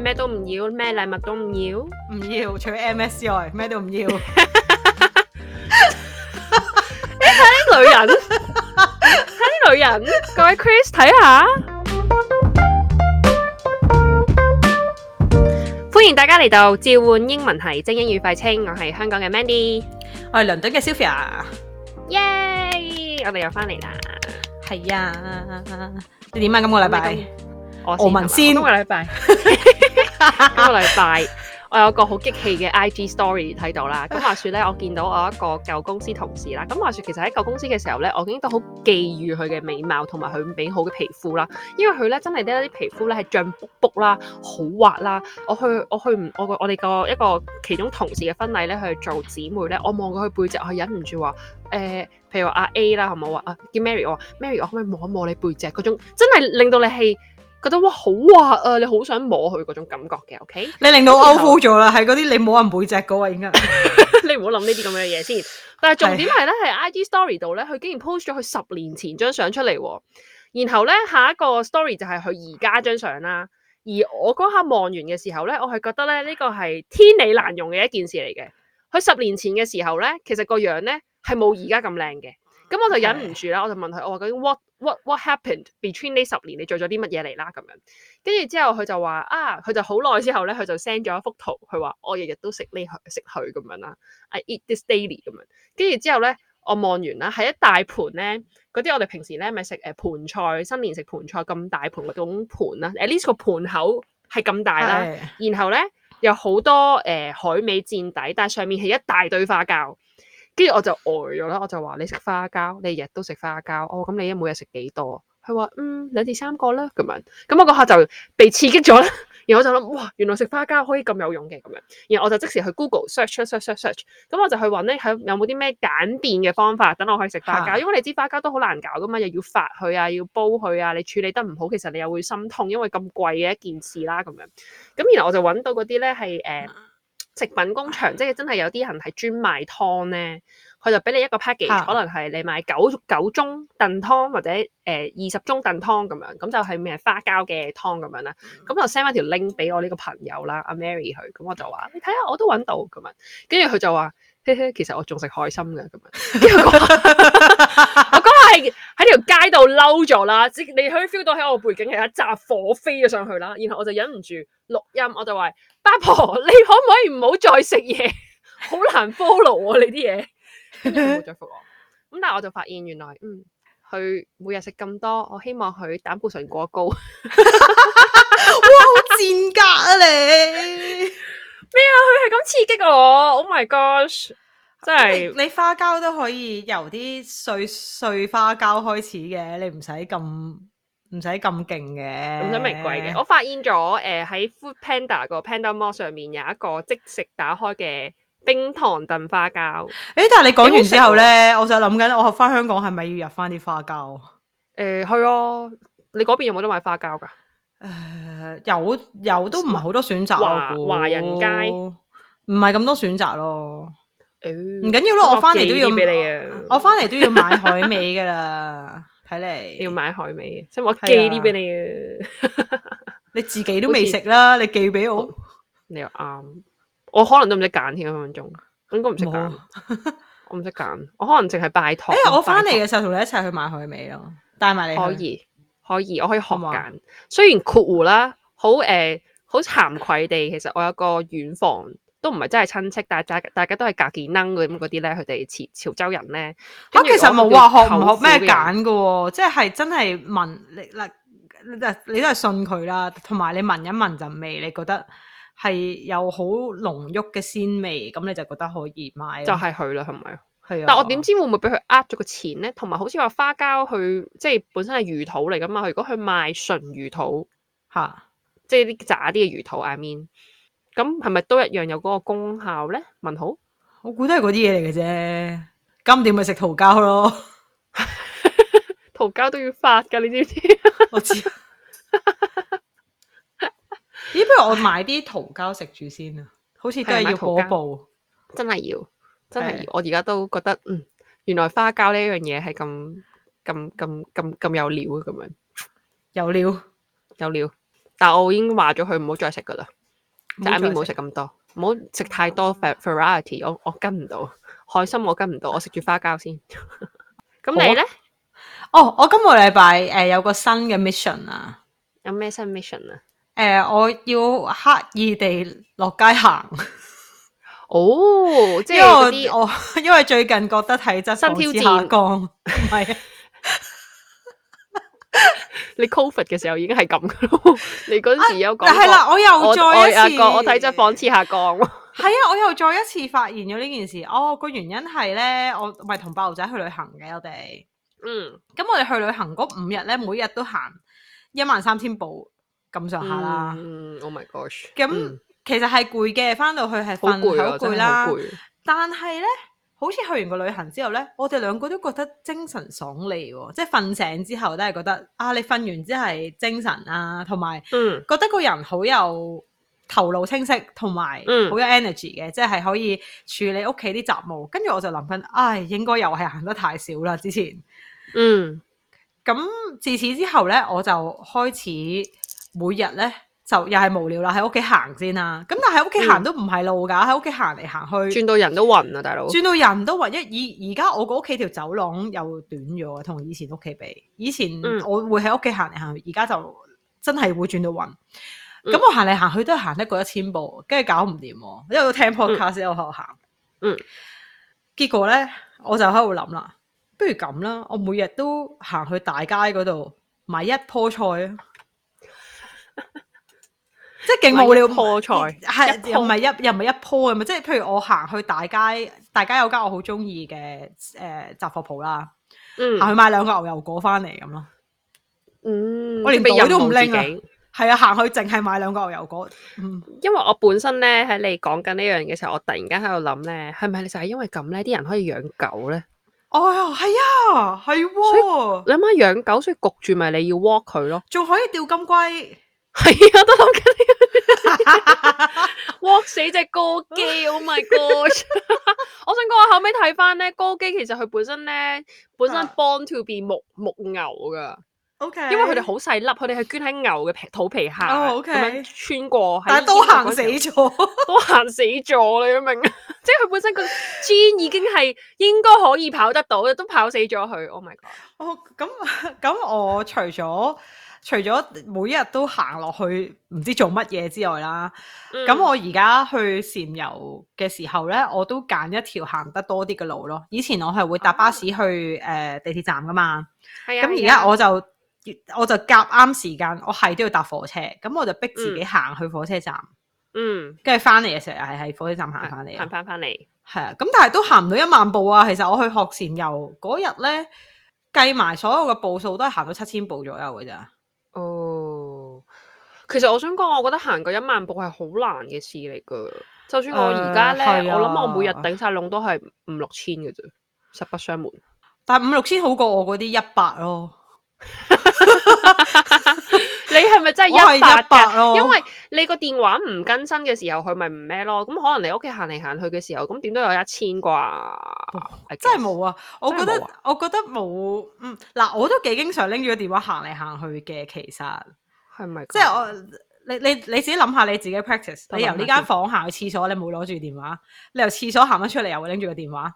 咩都唔要，咩禮物都唔要，唔要，除咗 M S 之外，咩都唔要。睇啲女人，睇啲女人，各位 Chris 睇下。歡迎大家嚟到召喚英文系精英與廢青，我係香港嘅 Mandy，我係倫敦嘅 Sylvia。耶！我哋又翻嚟啦。係啊，你點啊？今個禮拜我俄文先，今個禮拜。一 個禮拜，我有個好激氣嘅 I G Story 睇到啦。咁 話說咧，我見到我一個舊公司同事啦。咁話說，其實喺舊公司嘅時候咧，我已經都好覬覦佢嘅美貌同埋佢美好嘅皮膚啦。因為佢咧真係咧啲皮膚咧係脹卜卜啦，好滑啦。我去我去唔我我哋個一個其中同事嘅婚禮咧去做姊妹咧，我望過佢背脊，我忍唔住話誒、呃，譬如話阿 A 啦、啊，係咪我話啊叫 Mary，我 Mary 我可唔可以摸一摸你背脊？嗰種真係令到你係。覺得哇好滑啊，你好想摸佢嗰種感覺嘅，OK？你令到 over 咗啦，係嗰啲你冇人背脊嗰位應該。 你唔好諗呢啲咁樣嘅嘢先。但係重點係咧，喺 IG story 度咧，佢竟然 post 咗佢十年前張相出嚟，然後咧下一個 story 就係佢而家張相啦。而我嗰刻望完嘅時候咧，我係覺得咧呢個係天理難容嘅一件事嚟嘅。佢十年前嘅時候咧，其實個樣咧係冇而家咁靚嘅。是沒現在那麼漂亮的咁我就忍唔住啦，我就問佢：我究竟 what what what happened between 呢十年？你做咗啲乜嘢嚟啦？咁樣跟住、啊、之後，佢就話啊，佢就好耐之後咧，佢就 send 咗一幅圖，佢話我日日都食呢食佢咁樣啦，I eat this daily 咁樣。跟住之後咧，我望完啦，係一大盤咧，嗰啲我哋平時咧咪食誒盤菜，新年食盤菜咁大盤嗰種盤啊，誒呢個盤口係咁大啦，然後咧有好多、呃、海味墊底，但係上面係一大堆花膠。跟住我就呆咗啦，我就話，你食花膠，你日日都食花膠？哦，咁你一每日食幾多？佢話，嗯，兩至三個啦咁樣，咁我嗰刻就被刺激咗啦，然後我就諗哇，原來食花膠可以咁有用嘅，咁樣，然後我就即時去 Google search search search search，咁我就去搵咧，響有冇啲咩簡便嘅方法等我可以食花膠，因為你知花膠都好難搞噶嘛，又要發佢啊，要煲佢啊，你處理得唔好，其實你又會心痛，因為咁貴嘅一件事啦，咁樣，咁然後我就搵到嗰啲咧，係誒。食品工場即係真係有啲人係專賣湯咧，佢就俾你一個 package，啊、可能係你買九九盅燉湯或者誒二十盅燉湯咁樣，咁就係咩花膠嘅湯咁樣啦。咁、嗯、就 send 翻條 link 俾我呢個朋友啦，阿、啊啊、Mary 佢，咁我就話你睇下，啊，我都揾到咁樣，跟住佢就話。其實我仲食海參嘅咁啊！我嗰下係喺條街度嬲咗啦，即你可以 feel 到喺我背景係一扎火飛咗上去啦。然後我就忍唔住錄音，我就話 八婆，你可唔可以唔好再食嘢？好 難 follow 啊！你啲嘢唔好再覆我。咁 但係我就發現原來，嗯，佢每日食咁多，我希望佢膽固醇過高。 哇，好賤格啊你！咩啊？佢係咁刺激我！Oh my gosh！真係你花膠都可以由啲碎碎花膠開始嘅，你唔使咁唔使咁勁嘅，唔使名貴嘅。我發現咗誒，喺 Food Panda 個 Panda Mall 上面有一個即食打開嘅冰糖燉花膠。誒，但係你講完之後咧，我就諗緊，我翻香港係咪要入翻啲花膠？誒，係哦。你嗰邊有冇得買花膠噶？誒、呃，有有都唔係好多選擇我估，華人街唔係咁多選擇咯。唔緊要咯，我翻嚟都要，我翻嚟、啊、都要買海味噶啦，睇 嚟你要買海味，即係我寄啲俾你啊。啊 你自己都未食啦，你寄俾我，我，你又啱。我可能都唔識揀添，分分鐘，我應該唔識揀， 我唔識揀，我可能淨係拜託。誒、欸，我翻嚟嘅時候同你一齊去買海味咯，帶埋你可以。可以，我可以學揀。雖然括弧啦，好誒，好、呃、慚愧地，其實我有一個遠房都唔係真係親戚，但係大家大家都係隔幾撚咁嗰啲咧，佢哋潮潮州人咧。我啊，其實冇話學唔學咩揀嘅喎，即係真係聞你嗱，你都係信佢啦。同埋你聞一聞陣味，你覺得係有好濃郁嘅鮮味，咁你就覺得可以買。就係佢啦，係咪？但我點知會唔會俾佢呃咗個錢咧？同埋好似話花膠去，即係本身係魚肚嚟噶嘛？如果佢賣純魚肚，吓，即係啲渣啲嘅魚肚，I mean，咁係咪都一樣有嗰個功效咧？問好，我估都係嗰啲嘢嚟嘅啫。今點咪食桃膠咯？ 桃膠都要發噶，你知唔知？我知。咦、 欸？不如我買啲桃膠食住先啊！好似都係要果布，真係要。真係、呃，我而家都覺得，嗯，原來花膠呢樣嘢係咁咁咁咁咁有料咁樣，有料有料。但我已經話咗佢唔好再食㗎喇，就面唔好食咁多，唔好食太多。Variety，我我跟唔到，海參我跟唔到，我食住花膠先。咁 你咧？哦，我，oh, 我今個禮拜誒有個新嘅 mission 啊！有咩新 mission 啊？誒、uh,，我要刻意地落街行。哦，即係啲我，因為最近覺得體質仿似下降，唔係，你 Covid 嘅時候已經係咁噶咯，你嗰陣時有講，係啦，我又再一次，我體質仿似下降，係啊，我又再一次發現咗呢件事，哦，個原因係咧，我咪同白牛仔去旅行嘅，我哋，嗯，咁我哋去旅行嗰五日咧，每日都行一萬三千步咁上下啦，嗯，Oh my gosh，咁。其實係攰嘅，翻到去係瞓好攰啦。但係咧，好似去完個旅行之後咧，我哋兩個都覺得精神爽利，哦，即係瞓醒之後都係覺得啊，你瞓完之後係精神啊，同埋嗯，覺得個人好有頭腦清晰，同埋好有 energy 嘅，即、嗯、係、就是、可以處理屋企啲雜務。跟住我就諗翻，唉、哎，應該又係行得太少啦，之前嗯，咁自此之後咧，我就開始每日咧。就又係無聊啦，喺屋企行先啦。咁但係喺屋企行都唔係路噶，喺屋企行嚟行去，轉到人都暈啊！大佬，轉到人都暈。一而而家我個屋企條走廊又短咗，同以前屋企比，以前我會喺屋企行嚟行去，而家就真係會轉到暈。咁、嗯、我行嚟行去都係行得過一千步，跟住搞唔掂。因為我聽 podcast，、嗯、我喺度行，嗯，結果咧我就喺度諗啦，不如咁啦，我每日都行去大街嗰度買一樖菜啊！即係勁無料，破財，係唔係一,一又唔係一坡，即係譬如我行去大街，大街有間我好中意嘅誒雜貨鋪啦，行、嗯、去買兩個牛油果翻嚟咁咯。嗯，我連袋都唔拎啊！係啊，行去淨係買兩個牛油果、嗯。因為我本身咧喺你講緊呢樣嘢嘅時候，我突然間喺度諗咧，係咪就係因為咁咧，啲人可以養狗咧？哦，係啊，係喎。你媽養狗，所以焗住咪你要 walk 佢咯？仲可以釣金龜。係 啊、這個，都諗緊呢個 w 死隻哥基，Oh my God！ 我想講我後尾睇翻咧，哥基其實佢本身咧，本身 born to be 牧牧牛㗎，OK。因為佢哋好細粒，佢哋係捐喺牛嘅肚皮下，咁、oh, okay. 樣穿過。但係都行死咗， 都行死咗你明？ 即係佢本身個筋已經係應該可以跑得到，都跑死咗佢。Oh my God！哦咁咁，oh, 那那我除咗。除咗每一日都行落去唔知做乜嘢之外啦，咁、嗯、我而家去禪游嘅時候咧，我都揀一條行得多啲嘅路咯。以前我係會搭巴士去誒、哦呃、地鐵站噶嘛，咁而家我就、啊、我就夾啱時間，我係都要搭火車，咁我就逼自己行去火車站，嗯，跟住翻嚟嘅時候係喺火車站行翻嚟，行翻翻嚟，係啊，咁但係都行唔到一萬步啊。其實我去學禪游嗰日咧，計埋所有嘅步數都係行到七千步左右嘅咋。哦、oh.，其實我想講，我覺得行過一萬步係好難嘅事嚟噶。就算我而家咧，我諗我每日頂晒籠都係五六千嘅啫，實不相瞞。但係五六千好過我嗰啲一百咯。 你係咪真係一百？因為你個電話唔跟身嘅時候，佢咪唔咩咯？咁可能你屋企行嚟行去嘅時候，咁點都有一千啩、哦？真係冇啊！我覺得沒有、啊、我覺得冇嗯嗱，我都幾經常拎住個電話行嚟行去嘅。其實係咪？即係、就是、我你你你自己諗下你自己 practice。你由呢間房行去廁所，你冇攞住電話；你由廁所行咗出嚟，又會拎住個電話。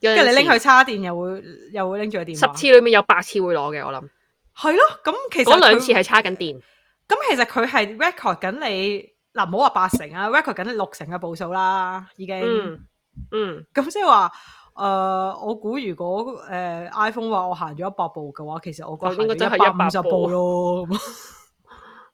跟住你拎去叉電，又會又會拎住個電話。十次裡面有八次會攞嘅，我諗。係咯，咁其實嗰兩次係差緊電。咁其實佢係 record 緊你嗱，唔好話八成啊，record 緊六成嘅步數啦，已經嗯，咁即係話誒，我估如果誒 iPhone 話我行咗一百步嘅話，其實我覺得應該真係一百五十步咯。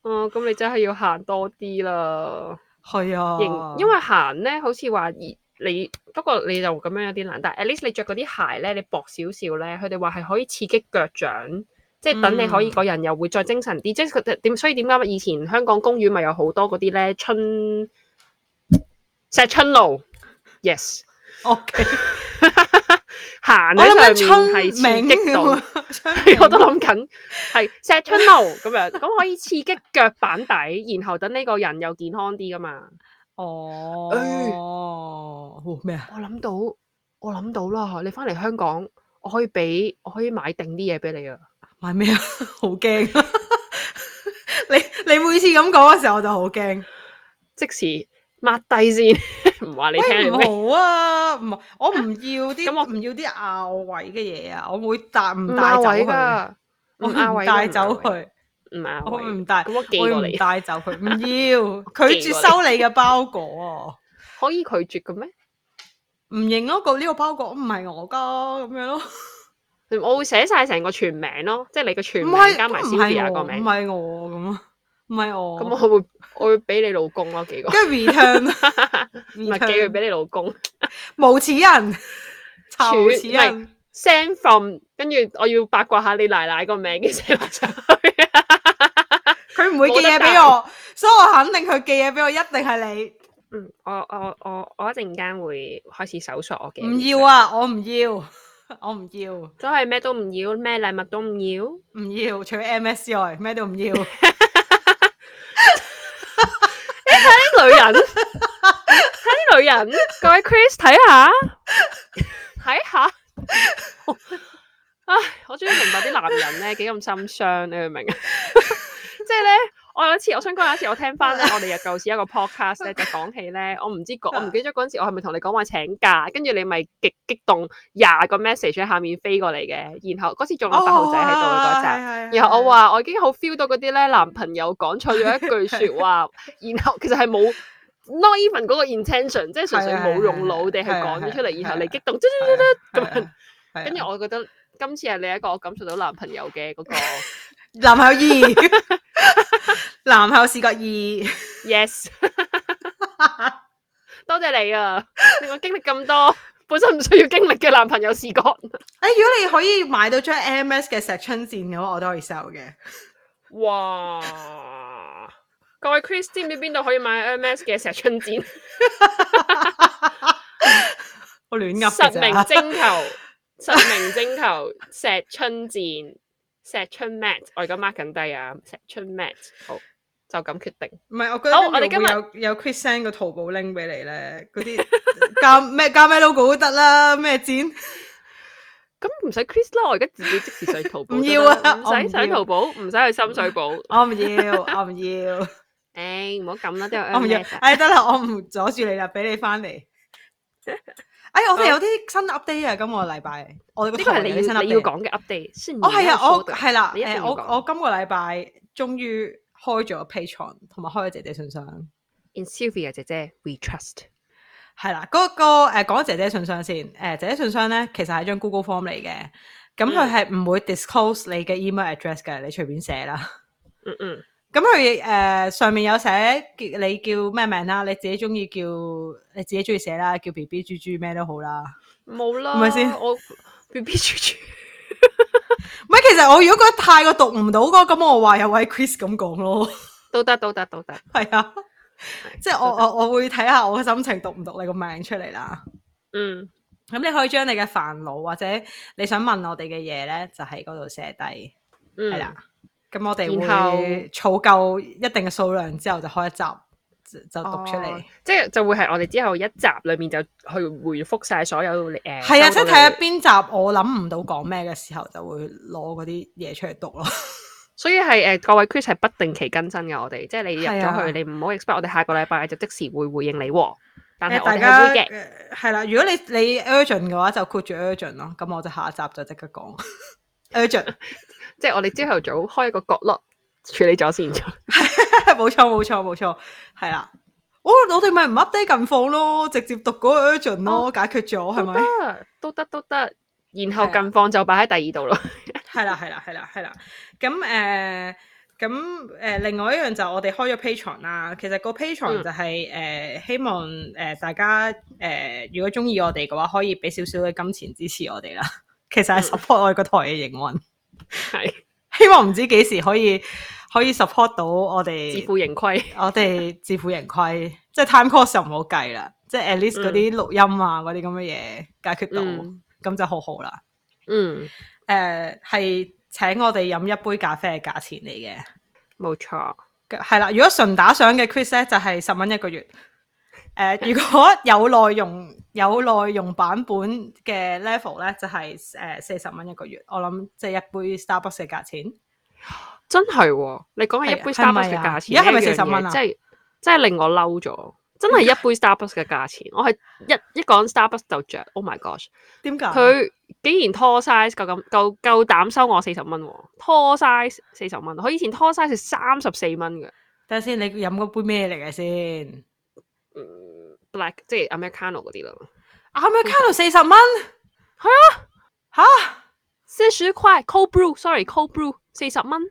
啊，咁你真係要行多啲啦。係啊，因為行咧，好似話熱你，不過你就咁樣有啲難。但係 at least 你着嗰啲鞋咧，你薄少少咧，佢哋話係可以刺激腳掌。即係等你可以、嗯、個人又會再精神啲，即係佢點？所以點解咪以前香港公園咪有好多嗰啲咧春石春路？Yes，OK，行啊！我諗緊春名啲嘅，我都諗緊，係石春路咁 樣咁可以刺激腳板底，然後等呢個人又健康啲噶嘛？哦、oh, 哦、哎，咩啊？我諗到，我諗到啦！你翻嚟香港，我可以俾我可以買定啲嘢俾你啊！買咩啊？好驚！你你每次咁講嘅時候，我就好驚。即時抹低先，唔話你聽。唔好啊！唔係我唔要啲咁我唔要啲拗位嘅嘢啊！我會帶唔帶走佢？唔係拗位嘅，我唔帶走佢。唔係我唔帶，我唔帶走佢。唔要拒絕收你嘅包裹啊！可以拒絕嘅咩？唔認咯，個呢個包裹唔係我噶咁樣咯。我會寫晒成個全名咯，即係你個全名加埋先知 m b 個名。唔係我咁啊，唔係我。咁我，我，我會我會俾你老公咯，幾個。跟住 return 唔係寄佢俾你老公。無此人，無此人。不 send from 跟住我要八卦下你奶奶個名先發出去。佢 唔會寄嘢俾我，所以我肯定佢寄嘢俾我一定係你。嗯，我我我我一陣間會開始搜索我嘅。唔要啊，我唔要。我唔要，都係咩都唔要，咩禮物都唔要，唔要，除咗 M S I 之外咩都唔要。睇啲女人，睇啲女人，各位 Chris 睇下，睇下，唉，我終於明白啲男人咧幾咁心傷，你明唔明？我有一次，我想講有一次，我聽翻咧， 我哋又舊時一個 podcast 咧，就講起咧，我唔知講我唔記得咗嗰時，我係咪同你講話請假，跟住你咪極激，激動廿個 message 喺下面飛過嚟嘅。然後嗰次仲有八號仔喺度嗰陣，oh, yeah, 然後我話、yeah, 我已經好 feel 到嗰啲咧男朋友講錯咗一句説話，yeah, 然後其實係冇 not even 嗰個 intention，yeah, 即係純粹冇用腦地去講咗出嚟，yeah, 然後你激動咁跟住我覺得、yeah. 今次係你一個我感受到男朋友嘅嗰、那個 男朋友二。男朋友視角二，yes， 多謝你啊！令我經歷咁多，本身唔需要經歷嘅男朋友視角。哎，如果你可以買到張 m s 嘅石春墊嘅話，我都可以 sell 嘅。哇！各位 Chris，知唔知邊度可以買 m s 嘅石春墊？ 我亂噏。實名徵求，實名徵求石春墊，石春 mat，我而家 mark 緊低啊，石春 mat，好。就咁決定，唔係我覺得我哋今日有有 Chris send 個淘寶 link 俾你咧，嗰啲加咩加咩 logo 都得啦，咩剪，咁唔使 Chris 啦，我而家自己即時上淘寶。唔要啊，唔使上淘寶，唔使去深水埗。我唔要，我唔要，誒唔好咁啦，都我唔要，哎得啦，我唔阻住你啦，俾你翻嚟。哎，我哋有啲新 update 啊，今個禮拜，我呢個係你你要講嘅 update 先。哦係啊，我係啦，誒我我今個禮拜終於開咗個 Patreon，同埋開咗姐姐信箱。In Sylvia 姐姐，we trust 係啦。嗰、嗰個誒講、呃、姐姐信箱先。誒、呃、姐姐的信箱咧，其實係張 Google Form 嚟嘅。咁佢係唔會 disclose 你嘅 email address 嘅。你隨便寫啦。嗯嗯。咁佢誒上面有寫叫你叫咩名啦？你自己中意叫你自己中意寫啦，叫 B B 豬豬咩都好啦。冇啦。係咪先？我 B B 豬豬。 唔係，其實我如果覺得太過讀唔到嗰，咁我話有位 Chris 咁講咯。都得，都得，都得。係 啊，即係我我我會睇下我嘅心情讀唔讀你個名出嚟啦。嗯，咁你可以將你嘅煩惱或者你想問我哋嘅嘢咧，就喺嗰度寫低。嗯，係啦。咁我哋會儲夠一定嘅數量之後就開一集。就讀出嚟，哦，即係就會係我哋之後一集裏面就去回覆晒所有誒，係、呃、啊，是即係睇下邊集我諗唔到講咩嘅時候，就會攞嗰啲嘢出嚟讀咯。所以係誒、呃，各位 Chris 係不定期更新嘅，我哋即係你入咗去，你唔好 expect 我哋下個禮拜就即時會回應你。但係大家會嘅，係啦，如果你你 urgent 嘅話，就括住 urgent 咯，咁我就下一集就即刻講 urgent。 即係我哋朝頭早開一個角落 處理咗先了 冇錯冇錯冇錯，係啦、哦，我我哋咪唔 update 近況咯，直接讀嗰個 urgent 咯，哦、解決咗係咪？都得都得，然後近況就放就擺喺第二度咯。係啦係啦係啦係啦，咁誒，咁誒、呃呃，另外一樣就我哋開咗 Patreon 啦，其實個 Patreon 就係、是、誒、嗯呃，希望誒、呃、大家誒、呃，如果中意我哋嘅話，可以俾少少嘅金錢支持我哋啦。其實係 support、嗯、我個台嘅營運，係 希望唔知幾時可以。可以 support 到我哋自負盈虧， 我哋自負盈虧，即係 time cost 就唔好計啦，即係 at least 嗰啲錄音啊，嗰啲咁嘅嘢解決到，咁、嗯、就好好啦。嗯，誒係請我哋飲一杯咖啡嘅價錢嚟嘅，冇錯。係啦，如果純打賞嘅 Chris 咧就係十蚊一個月。誒、uh，如果有內容有內容版本嘅 level 咧就係誒四十蚊一個月，我諗即係一杯 Starbucks 嘅價錢。真係，你講係一杯 Starbucks 嘅價錢，而家係咪四十蚊啊？即係真係令我嬲咗，真係一杯 Starbucks 嘅價錢。我係一一講 Starbucks 就着。Oh my gosh！點解佢竟然拖 size 夠咁夠夠膽收我四十蚊？拖 size 四十蚊，佢以前拖 size 係三十四蚊嘅。等下先，你飲嗰杯咩嚟嘅先？Black 即係 Americano 嗰啲咯，Americano 四十蚊，係啊吓四十塊 Cold Brew，sorry Cold Brew 四十蚊。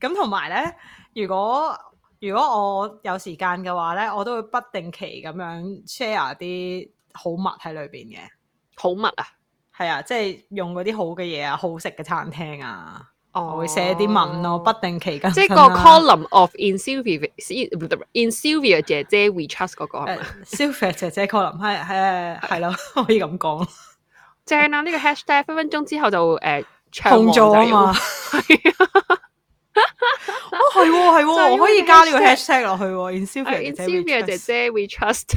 咁同埋咧，如果如果我有時間嘅話咧，我都會不定期咁樣 share 啲好物喺裏邊嘅好物啊，係啊，即係用嗰啲好嘅嘢啊，好食嘅餐廳啊，哦、我會寫啲文咯，不定期跟、啊、即係個 column of Sylvia 不不不，In Sylvia 姐姐，We Trust 嗰個啊，Sylvia 姐姐 column 係誒係咯，可以咁講，正啊！呢、呢個 hashtag 分分鐘之後就誒長旺啊嘛， 係係、 啊啊啊就是、我可以加呢個 hashtag 落去喎。In Sylvia、啊、姐姐，姐，姐，we trust。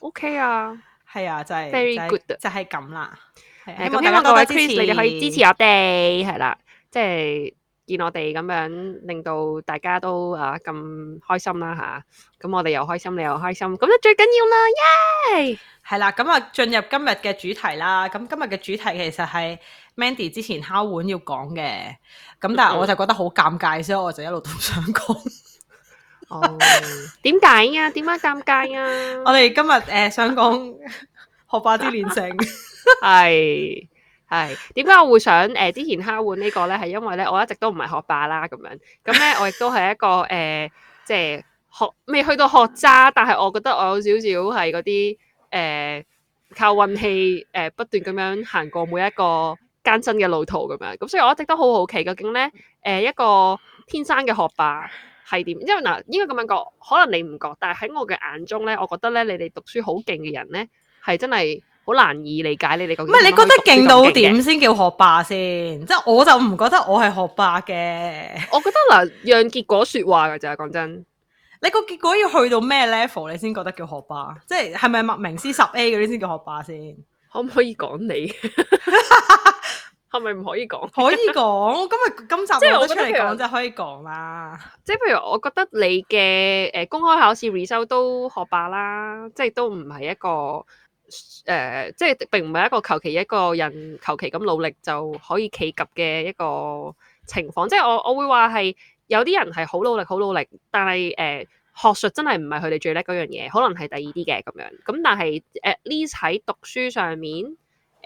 o、okay、K 啊，係啊，真、就、係、是、very good，就係咁啦。咁、就是啊希，嗯、希望各位 Chris 你哋可以支持我哋，係啦、啊，即、就、係、是、見我哋咁樣，令到大家都啊咁開心啦吓。咁、啊、我哋又開心，你又開心，咁就最緊要啦，耶、啊！係啦，咁啊進入今日嘅主題啦。咁今日嘅主題其實係。Mandy 之前敲碗要講嘅，咁但係我就覺得好尷尬，所以我就一路都想講。 哦，點解呀？點解尷尬呀？ 我哋今日誒、呃、想講學霸之煉成，係係點解我會想誒、呃、之前敲碗這個呢個咧，係因為咧我一直都唔係學霸啦，咁樣咁咧我亦都係一個誒、 呃、即係學未去到學渣，但係我覺得我有少少係嗰啲誒靠運氣誒不斷咁樣行過每一個。艱辛嘅路途咁樣，咁所以我一直都好好奇，究竟咧，誒、呃，一個天生嘅學霸係點？因為嗱，應該咁樣講，可能你唔覺，但係喺我嘅眼中咧，我覺得咧，你哋讀書好勁嘅人咧，係真係好難以理解你哋個。唔係，你覺得勁到點先叫學霸先？即係我就唔覺得我係學霸嘅。我覺得嗱、呃，讓結果說話噶就係講真。你個結果要去到咩 level，你先覺得叫學霸？即係係咪默名思十 A 嗰啲先叫學霸先？可唔可以講你？ 我係咪唔可以講？ 可以講。今日今集即係我出嚟講就可以講啦。即係譬如我覺得你嘅誒、呃、公開考試 result 都學霸啦，即係都唔係一個誒、呃，即係並唔係一個求其一個人求其咁努力就可以企及嘅一個情況。即係我我會話係有啲人係好努力好努力，但係誒、呃、學術真係唔係佢哋最叻嗰樣嘢，可能係第二啲嘅咁樣。咁但係誒呢喺讀書上面。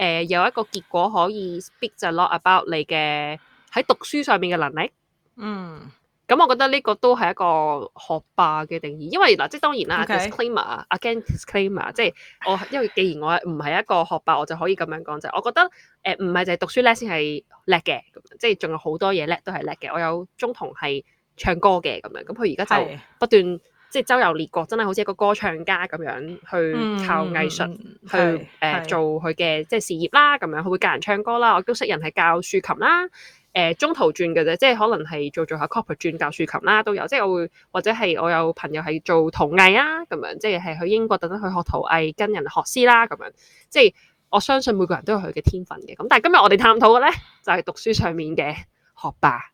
誒、呃、有一個結果可以 speak a lot about 你嘅喺讀書上面嘅能力。嗯，咁我覺得呢個都係一個學霸嘅定義，因為嗱，即係當然啦、okay.，disclaimer，again disclaimer，即係我因為既然我唔係一個學霸， 我就可以咁樣講就係、是、我覺得誒唔係就係讀書叻先係叻嘅，即係仲有好多嘢叻都係叻嘅。我有中同係唱歌嘅咁樣，咁佢而家就不斷。即係周遊列國，真係好似一個歌唱家咁樣，去靠藝術、嗯、去誒、呃、做佢嘅即係事業啦。咁樣佢會教人唱歌啦，我都識人係教豎琴啦。誒、呃、中途轉嘅啫，即係可能係做做下 cop 轉教豎琴啦都有。即係我會或者係我有朋友係做陶藝啦，咁樣即係係去英國等等去學陶藝，跟人學師啦咁樣。即係我相信每個人都有佢嘅天分嘅。咁但係今日我哋探討嘅咧，就係、是、讀書上面嘅學霸。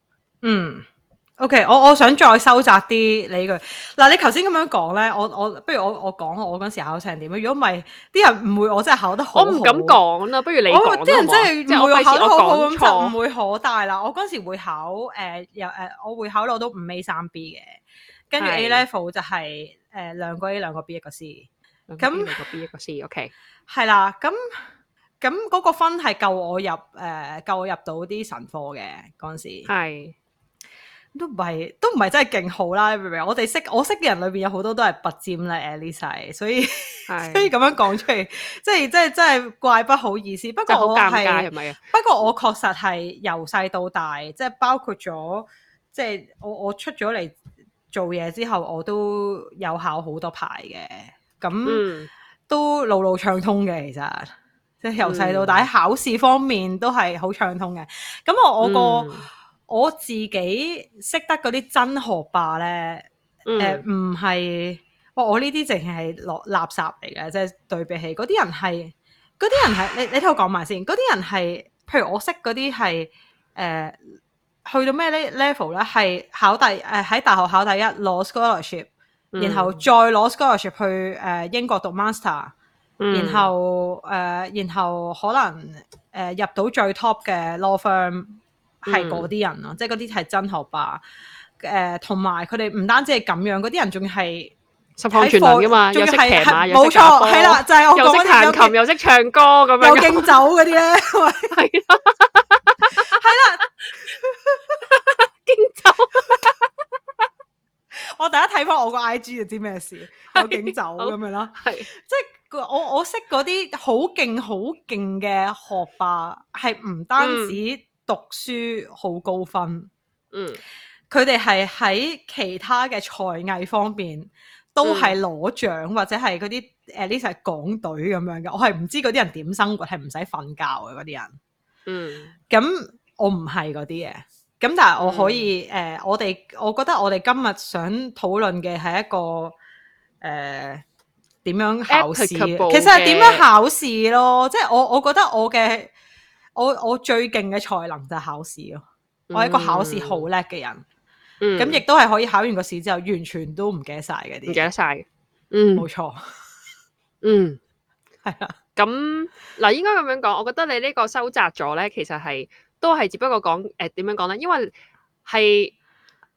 嗯。O、okay, K，我我想再收窄啲你佢。嗱，你頭先咁樣講咧，我我不如我我講我嗰時考成點咧？如果唔係，啲人唔會我真係考得。好。我唔敢講啦，不如你講啦。啲人真係唔會考得好好咁就唔會可大啦。我嗰時，時，時會考誒，又、呃、誒、呃呃呃，我會考攞到五 A 三 B 嘅，跟住 A level 就係誒兩個 A 兩個 B 一個 C，咁兩個 B 一個 C、okay。O K，係啦，咁咁嗰個分係夠我入誒，夠、呃、我入到啲神科嘅嗰陣時係。都唔係，都唔係真係勁好啦，你明唔明？我哋識我識嘅人裏面有好多都係拔尖啦 At least 所以 所以咁樣講出嚟，即係即係真係怪不好意思。不過我不過我確實係由細到大，即、嗯、係包括咗，即係我我出咗嚟做嘢之後，我都有考好多牌嘅，咁、嗯、都路路暢通嘅，其實即係由細到大、嗯、考試方面都係好暢通嘅。咁我我個。嗯我自己識得嗰啲真學霸咧，誒唔係，我我呢啲淨係攞垃圾嚟嘅，即係對比起嗰啲人係，嗰啲人係你你聽我講埋先，嗰啲人係，譬如我識嗰啲係去到咩 level 咧，係考第、呃、喺大學考第一攞 scholarship，、嗯、然後再攞 scholarship 去、呃、英國讀 master，、嗯、然後、呃、然後可能、呃、入到最 top 嘅 law firm。係嗰啲人咯，嗯、即係嗰啲係真學霸。誒、呃，同埋佢哋唔單止係咁樣，嗰啲人仲係十項全能噶嘛，又識騎馬，冇錯，係啦，就係、是、我講又識彈琴又識唱歌咁樣，又敬酒嗰啲咧，係啦，敬酒。 我第一睇翻我個 I G 就知咩事，有 敬酒咁樣啦，係， 即係我 我識嗰啲好勁好勁嘅學霸，係 唔單止、嗯。讀書好高分，嗯，佢哋係喺其他嘅才藝方面都係攞獎或者係嗰啲 at least 係港隊咁樣嘅。我係唔知嗰啲人點生活，係唔使瞓覺嘅嗰啲人。嗯，咁我唔係嗰啲嘢。咁但係我可以誒，我、嗯、哋、呃、我覺得我哋今日想討論嘅係一個誒點、呃、樣考試？其實係點樣考試咯？即係我我覺得我嘅。我我最勁嘅才能就係考試咯，我係一個考試好叻嘅人，咁亦都係可以考完個試之後完全都唔記得晒嘅啲，唔記得晒，嗯，冇錯， 嗯，係 啦、嗯，咁 嗱應該咁樣講，我覺得你呢個收窄咗咧，其實係都係只不過講誒點樣講咧，因為係。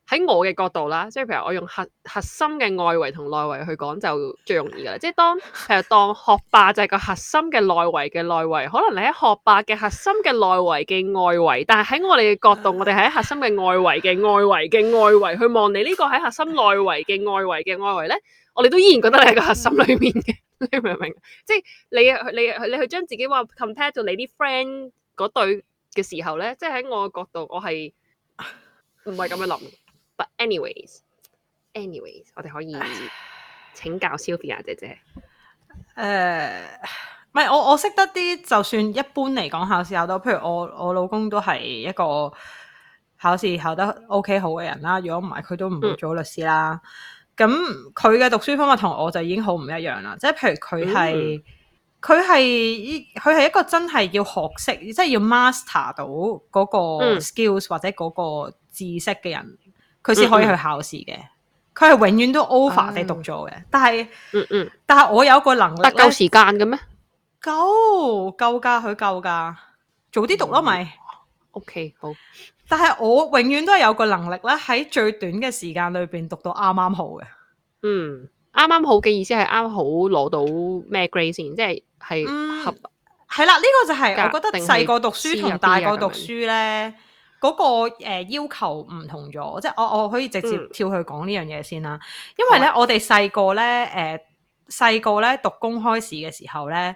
喺我嘅角度啦，即係譬如我用核核心嘅外圍同內圍去講就最容易噶啦。即係當譬如當學霸就係個核心嘅內圍嘅內圍，可能你喺學霸嘅核心嘅內圍嘅外圍，但係喺我哋嘅角度，我哋喺核心嘅外圍嘅外圍嘅外圍去望你呢個喺核心內圍嘅外圍嘅外圍咧，我哋都依然覺得你係個核心裏面嘅、嗯，你明唔明？即係你你你去將自己話 compare 到你啲 friend 嗰對嘅時候咧，即係喺我嘅角度，我係唔係咁樣諗？ But anyways, anyways，我哋可以請教 Sylvia 姐姐。誒、呃，唔係我我識得啲，就算一般嚟講考試考得，譬如我我老公都係一個考試考得 OK 好嘅人啦。如果唔係，佢都唔會做律師啦。咁佢嘅讀書方法同我就已經好唔一樣啦。即係譬如佢係佢係佢係一個真係要學識，即係要 master 到嗰個 skills 或者嗰個知識嘅人。嗯佢先可以去考試嘅，佢、嗯、係、嗯、永遠都 over 地讀咗嘅、嗯。但係，嗯嗯，但係我有個能力，夠時間嘅咩？夠夠㗎，佢夠㗎，早啲讀咯咪。嗯、o、okay, K，好。但係我永遠都係有個能力咧，喺最短嘅時間裏邊讀到啱啱好嘅。嗯，啱啱好嘅意思係啱好攞到咩 grade 先，即係係合。係、嗯、啦，呢、呢個就係我覺得細個讀書同、啊、大個讀書咧。嗰、那個、呃、要求唔同咗，即係我我可以直接跳去講呢樣嘢先啦。嗯、因為咧，我哋細個咧誒細個咧讀公開試嘅時候咧，誒、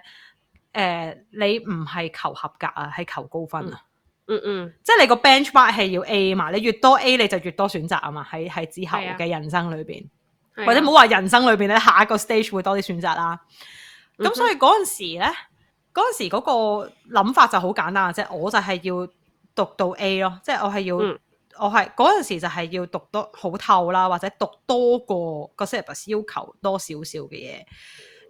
呃、你唔係求合格啊，係求高分啊。嗯嗯，即係你個 benchmark 係要 A 嘛，你越多 A 你就越多選擇啊嘛。喺喺之後嘅人生裏邊、啊，或者冇話人生裏邊咧，你下一個 stage 會多啲選擇啦。咁、嗯、所以嗰陣時咧，嗰陣時嗰個諗法就好簡單嘅啫，即係我就係要。讀到 A 咯，即係我係要，嗯、我係嗰陣時就係要讀得好透啦，或者讀多個個 service 要求多少少嘅嘢。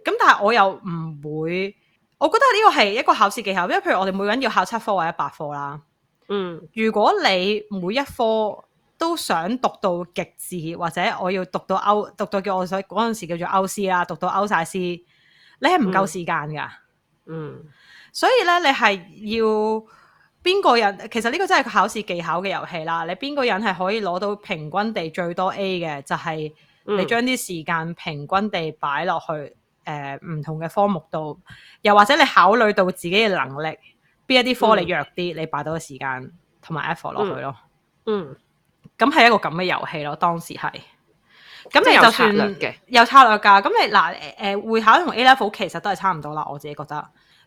咁但係我又唔會，我覺得呢個係一個考試技巧，因為譬如我哋每個人要考七科或者八科啦。嗯，如果你每一科都想讀到極致，或者我要讀到歐，讀到叫我想嗰陣時叫做歐師啦，讀到歐晒師，你係唔夠時間噶、嗯。嗯，所以咧，你係要。邊個人，其實呢個真係考試技巧嘅遊戲啦，你邊個人係可以攞到平均地最多 A 嘅，就係、是、你將啲時間平均地擺落去誒唔、嗯呃、同嘅科目度，又或者你考慮到自己嘅能力，邊一啲科你弱啲、嗯，你擺多時間同埋 effort 落去咯。嗯、咁、嗯、係一個咁嘅遊戲咯，當時係。咁你就算嘅，有策略噶，咁你嗱誒、呃、會考同 A level 其實都係差唔多啦，我自己覺得。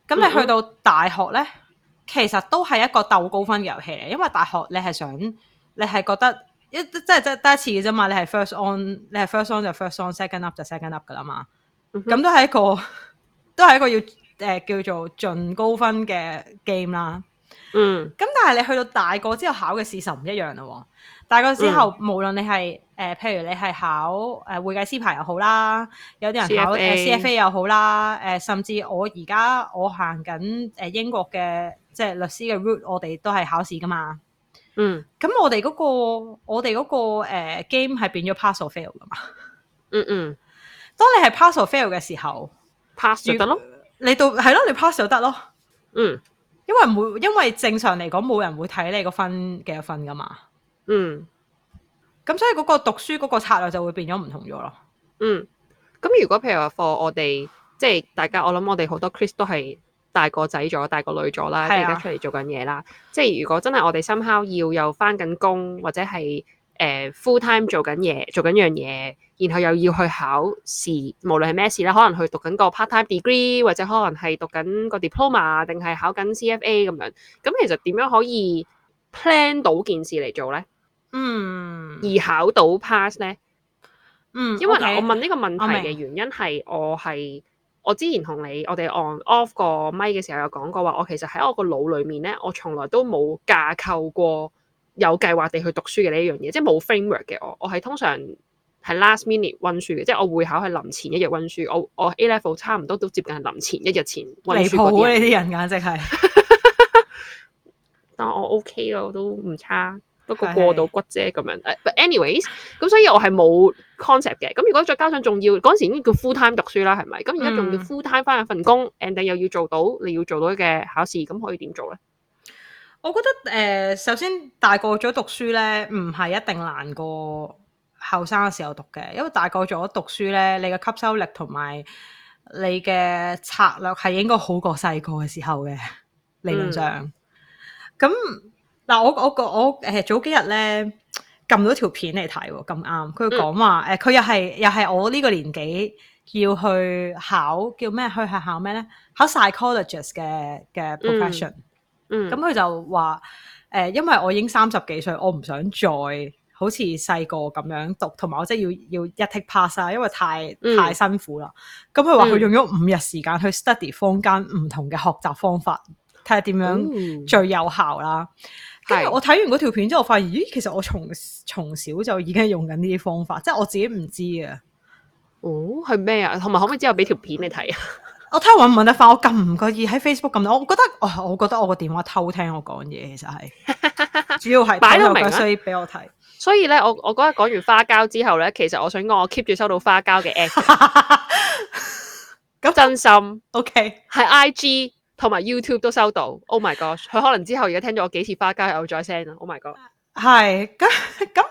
咁你去到大學咧？嗯其實都係一個鬥高分嘅遊戲嚟，因為大學你係想，你係覺得一即係即係得一次嘅啫嘛，你係 first on，你係 first on 就 first on，second up 就 second up 噶啦嘛，咁、嗯、都係一個都係一個要、呃、叫做盡高分嘅 game 啦，嗯，咁但係你去到大個之後考嘅事實唔一樣啦喎、喔，大個之後、嗯、無論你係。誒、呃，譬如你係考誒、呃、會計師牌又好啦，有啲人考 CFA 又、呃、好啦，誒、呃，甚至我而家我行緊誒英國嘅即係律師嘅 route，我哋都係考試噶嘛。嗯嗰、嗰個，咁我哋嗰、嗰個我哋嗰個 game 係變咗 pass or fail 啊嘛。嗯嗯，當你係 pass or fail 嘅時候，pass 就得咯。你到係咯，你 pass 就得咯。嗯，因為唔會因為正常嚟講冇人會睇你個分幾多分噶嘛。嗯。咁所以嗰個讀書嗰個策略就會變咗唔同咗咯。嗯，咁如果譬如話 for 我哋即係大家，我諗我哋好多 Chris 都係大個仔咗，大個女咗啦，而家出嚟做緊嘢啦。啊、即係如果真係我哋新考，要又返緊工，或者係誒 full time 做緊嘢，做緊樣嘢，然後又要去考試，無論係咩事啦，可能去讀緊個 part time degree，或者可能係讀緊個 diploma，定係考緊 CFA 咁樣。咁其實點樣可以 plan 到件事嚟做咧？嗯，而考到 pass 咧，嗯，okay, 因為嗱，我問呢個問題嘅原因係我係我，我之前同你，我哋 on off 個咪嘅時候有講過話，我其實喺我個腦裏面咧，我從來都冇架構過有計劃地去讀書嘅呢一樣嘢，即係冇 framework 嘅。我，我係通常係 last minute 溫書嘅，即係我會考係臨前一日溫書，我我 A level 差唔多都接近係臨前一日前溫書嗰啲，呢啲、啊、你啲人簡直係， 但我 OK 咯，我都唔差。不過過到骨啫咁樣，誒、uh, but anyways，咁所以我係冇 concept 嘅。咁如果再加上仲要，嗰陣時已經叫 full time 讀書啦，係咪？咁而家仲要 full time 翻一份工 and 又要做到，你要做到嘅考試，咁可以點做呢？我覺得誒、呃，首先大個咗讀書呢，唔係一定難過後生嘅時候讀嘅，因為大個咗讀書呢，你嘅吸收力同埋你嘅策略係應該好過細個嘅時候嘅，理論上。咁、嗯。嗱，我我我早幾日咧撳到條片嚟睇喎，咁啱，佢講話佢又係又係我呢個年紀要去考，叫咩？去係考咩咧？考 psychologist 嘅嘅 profession。咁、嗯、佢、嗯、就話、呃、因為我已經三十幾歲，我唔想再好似細個咁樣讀，同埋我即係要要一 take pass 因為太太辛苦啦。咁佢話佢用咗五日時間去 study 坊間唔同嘅學習方法，睇下點樣最有效啦。嗯嗯我睇完嗰條片之後，我發現咦，其實我從從小就已經用緊呢啲方法，即係我自己唔知啊。哦，係咩啊？同埋可唔可以之後俾條片你睇啊 ？我睇下揾唔揾得翻。我咁唔覺意喺 Facebook 咁，我覺得我覺得我個電話偷聽我講嘢，其實係主要係擺到明啊。所以俾我睇。所以咧，我嗰日講完花膠之後咧，其實我想講，我 keep 住收到花膠嘅 app。 咁真心，OK，係 I G。同埋 YouTube 都收到，Oh my gosh，佢可能之後而家聽咗我幾次花街又再 send Oh my god！係咁咁，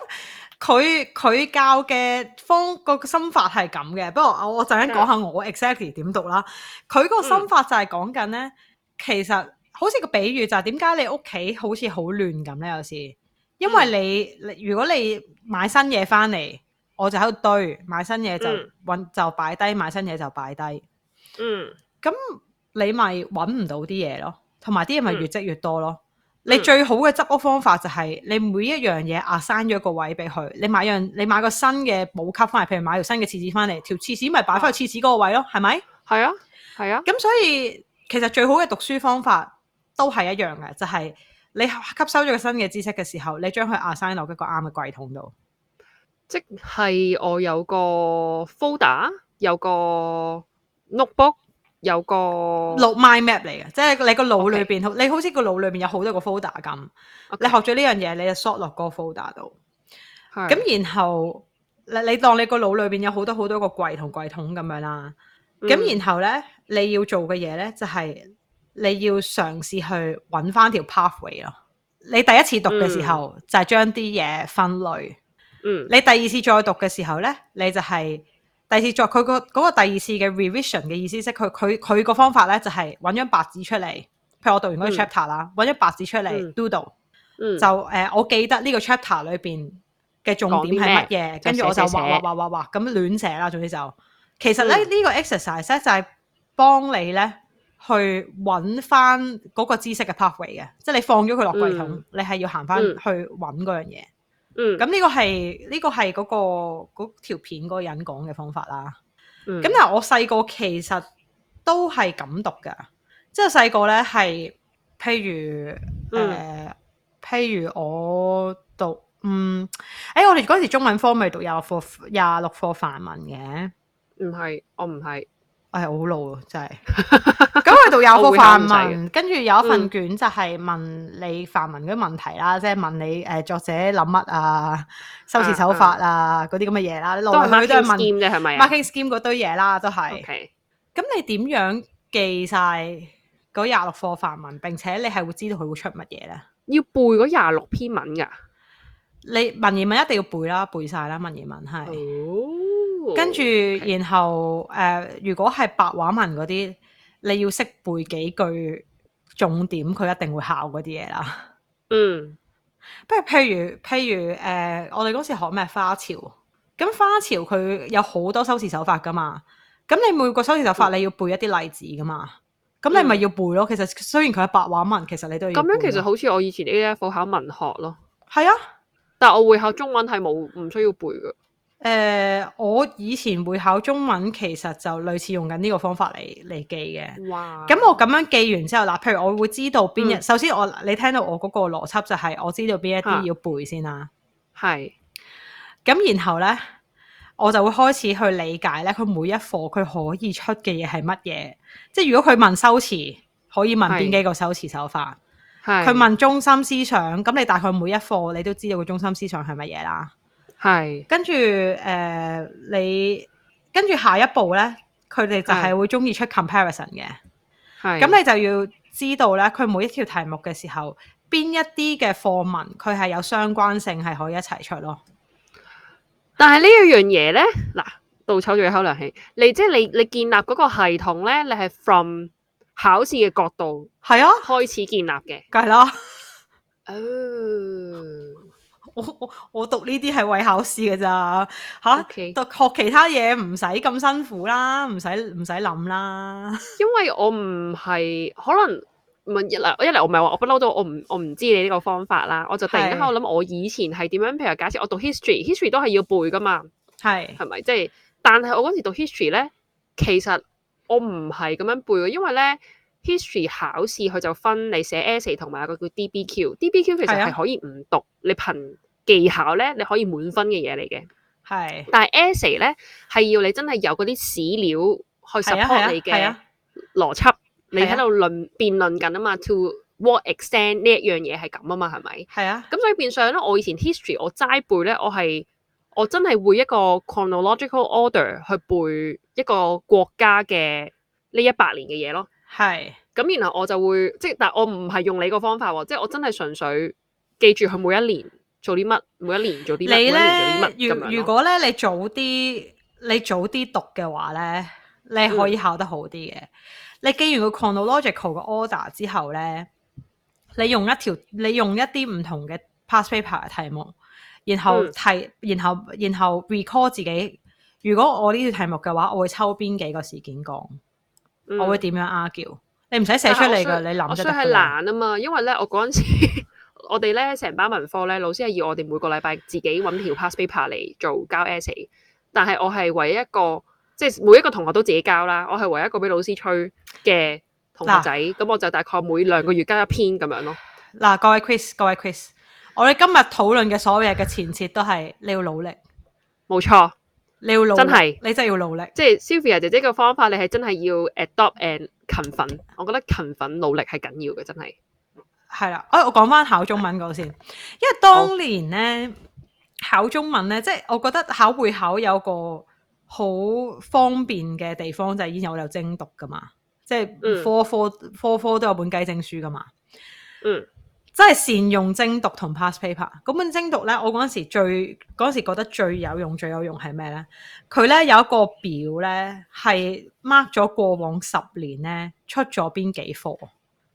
佢佢教嘅方個心法係咁嘅。不過我我陣間講下我 exactly 點讀啦。佢個心法就係講緊呢，其實好似個比喻就係點解你屋企好似好亂咁呢？有時因為你你如果你買新嘢翻嚟，我就喺度堆買新嘢就就擺低，買新嘢就擺低。嗯，咁、嗯。你咪揾唔到啲嘢咯，同埋啲嘢咪越積越多咯。嗯、你最好嘅執屋方法就係、是嗯、你每一樣嘢壓山咗個位俾佢。你買樣，你買個新嘅補給翻嚟，譬如買條新嘅廁紙翻嚟，條廁紙咪擺翻去廁紙嗰個位咯，係、嗯、咪？係啊，係啊。咁所以其實最好嘅讀書方法都係一樣嘅，就係、是、你吸收咗個新嘅知識嘅時候，你將佢壓山落一個啱嘅櫃桶度。即係我有個 folder，有個 notebook。有個腦 mind map 嚟嘅，即係你個腦裏邊，okay. 你好似個腦裏面有好多個 folder 咁。Okay. 你學咗呢樣嘢，你就 sort 落個 folder 度。咁然後你，你當你個腦裏面有好多好多個櫃同櫃桶咁樣啦。咁、嗯、然後咧，你要做嘅嘢咧，就係、是、你要嘗試去揾翻條 pathway 咯。你第一次讀嘅時候，嗯、就係將啲嘢分類。嗯，你第二次再讀嘅時候咧，你就係、是。第二次作佢、那個嗰、那個第二次嘅 revision 嘅意思，即係佢佢佢個方法咧，就係揾張白紙出嚟，譬如我讀完嗰個 chapter 啦，揾、嗯、張白紙出嚟 doodle，就誒、呃，我記得呢個 chapter 裏邊嘅重點係乜嘢，跟住我就畫畫畫畫畫咁亂寫啦。總之就其實咧呢、嗯這個 exercise 咧就係幫你咧去揾翻嗰個知識嘅 pathway 嘅，即、就、係、是、你放咗佢落櫃桶，嗯、你係要行翻去揾嗰樣嘢。嗯，咁、這、呢個係呢、那個係嗰個嗰條片嗰個人講嘅方法啦。嗯，咁但係我細個其實都係咁讀噶，即係細個咧係，譬如誒、呃，譬如我讀，嗯，誒、欸，我哋嗰時中文科咪讀廿課廿六課範文嘅？唔係，我唔係。哎，我好老啊，真係。咁佢度有份範文，跟 住有一份卷就係問你範文嗰啲問題啦，嗯、即係問你誒、呃、作者諗乜啊、修辭手法啊嗰啲咁嘅嘢啦。都係 m a r k e t i 係咪啊 m a r k e i n g skim 嗰堆嘢啦，都係。咁你點樣記晒嗰廿六課範文，並且你係會知道佢會出乜嘢咧？要背嗰廿六篇文噶？你文言文一定要背啦，背晒啦，文言文係。哦跟住，okay。然後誒、呃，如果係白話文嗰啲，你要識背幾句重點，佢一定會考嗰啲嘢啦。嗯，不如譬如譬如誒、呃，我哋嗰時學咩花潮，咁花潮佢有好多修辭手法噶嘛，咁你每個修辭手法你要背一啲例子噶嘛，咁、嗯、你咪要背咯。其實雖然佢係白話文，其實你都要背。咁樣其實好似我以前啲咧，考文學咯。係啊，但係我會考中文係冇唔需要背噶。誒、呃，我以前會考中文，其實就類似用緊呢個方法嚟，嚟記嘅。哇！咁我咁樣記完之後，嗱，譬如我會知道邊一、嗯，首先我你聽到我嗰個邏輯就係我知道邊一啲要背先啦。係、啊。咁然後咧，我就會開始去理解咧，佢每一課佢可以出嘅嘢係乜嘢？即係如果佢問修辭，可以問邊幾個修辭手法？係。佢問中心思想，咁你大概每一課你都知道個中心思想係乜嘢啦。係，跟住誒、呃，你跟住下一步咧，佢哋就係會中意出 comparison 嘅。係，咁你就要知道咧，佢每一條題目嘅時候，邊一啲嘅課文佢係有相關性，係可以一齊出咯。但係呢一樣嘢咧，嗱，倒抽咗一口涼氣，你即係、就是、你你建立嗰個系統咧，你係 from 考試嘅角度係啊開始建立嘅，梗係啦。 uh... 我我我讀呢啲係為考試嘅咋嚇，Okay. 讀學其他嘢唔使咁辛苦啦，唔使唔使諗啦。因為我唔係可能唔一嗱一嚟，我唔係話我不嬲到我唔我唔知你呢個方法啦。我就突然間喺度諗，我以前係點樣？譬如假設我讀 history，history 都係要背噶嘛，係係咪？即係、就是、但係我嗰時讀 history 咧，其實我唔係咁樣背嘅，因為咧 history 考試佢就分你寫 essay 同埋一個叫 DBQ，DBQ 其實係可以唔讀、啊，你憑，技巧咧，你可以滿分嘅嘢嚟嘅。係。但係 essay 咧係要你真係有嗰啲史料去 support 你嘅邏輯，你喺度論辯論緊啊嘛？To what extent 呢一樣嘢係咁啊嘛？係咪？係啊。咁所以變相咧，我以前 history 我齋背咧，我係我真係會一個 chronological order 去背一個國家嘅呢一百年嘅嘢咯。係。咁然後我就會，即係，但我唔係用你個方法，即係我真係純粹記住佢每一年。做啲乜？每一年做啲乜？每一年做啲乜？如如果咧，你早啲，你早啲讀嘅話咧，你可以考得好啲嘅、嗯。你記完個 chronological 嘅 order 之後咧，你用一條，你用一啲唔同嘅 past paper 嘅題目，然後提，嗯、然後然後 recall 自己。如果我呢條題目嘅話，我會抽邊幾個事件講、嗯，我會點樣 argue。你唔使寫出嚟噶，你諗就得，所以係懶啊嘛，因為咧，我嗰陣時。 我哋咧成班文科咧，老師係要我哋每個禮拜自己揾條 past paper 嚟做交 essay。但係我係唯一一個，即係每一個同學都自己交啦。我係唯一一個俾老師催嘅同學仔。咁我就大概每兩個月交一篇咁樣咯。嗱，各位 Chris，各位 Chris，我哋今日討論嘅所有嘢嘅前設都係你要努力，冇錯，你要努力，真係你真係要努力。即係 Sylvia 姐姐嘅方法，你係真係要 adopt and 勤奮。我覺得勤奮努力係緊要嘅，真係。係啦、哎，我講翻考中文嗰先，因為當年咧考中文咧，即係我覺得考會考有個好方便嘅地方就係以前我有精讀噶嘛，即係科科科科都有本雞精書噶嘛，嗯，即係善用精讀同 pass paper。咁本精讀咧，我嗰時最嗰時覺得最有用最有用係咩咧？佢咧有一個表咧係 mark 咗過往十年咧出咗邊幾課。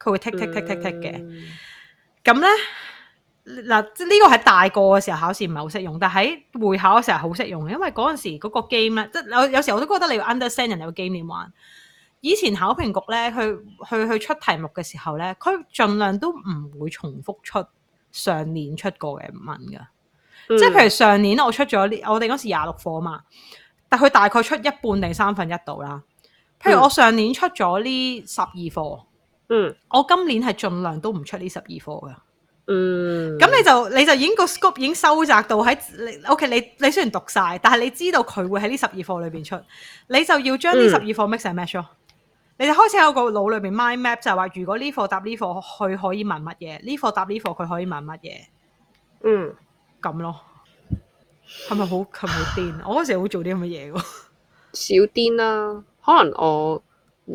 佢會剔剔剔剔剔嘅，咁咧嗱，呢個係大個嘅時候考試唔係好適用，但喺會考嘅時候好適用嘅，因為嗰陣時嗰個 game 咧，有有時候我都覺得你要 understand 人哋個 game 點玩。以前考評局咧，佢去去出題目嘅時候咧，佢盡量都唔會重複出上年出過嘅問㗎，即係譬如上年我出咗呢，我哋嗰時廿六科啊嘛，但佢大概出一半定三分一度啦。譬如我上年出咗呢十二科。嗯，我今年係盡量都唔出呢十二科噶。嗯，咁你就你就已經個 scope 已經收窄到喺，OK，你你雖然讀晒，但係你知道佢會喺呢十二科裏邊出，你就要將呢十二科 mix and match 咯。你就開始有個腦裏邊 mind map 就係話，如果呢課答呢課，佢可以問乜嘢？呢課答呢課，佢可以問乜嘢？嗯，咁咯，係咪好佢好癲？我嗰時會做啲咁嘅嘢喎，少癲啦，可能我。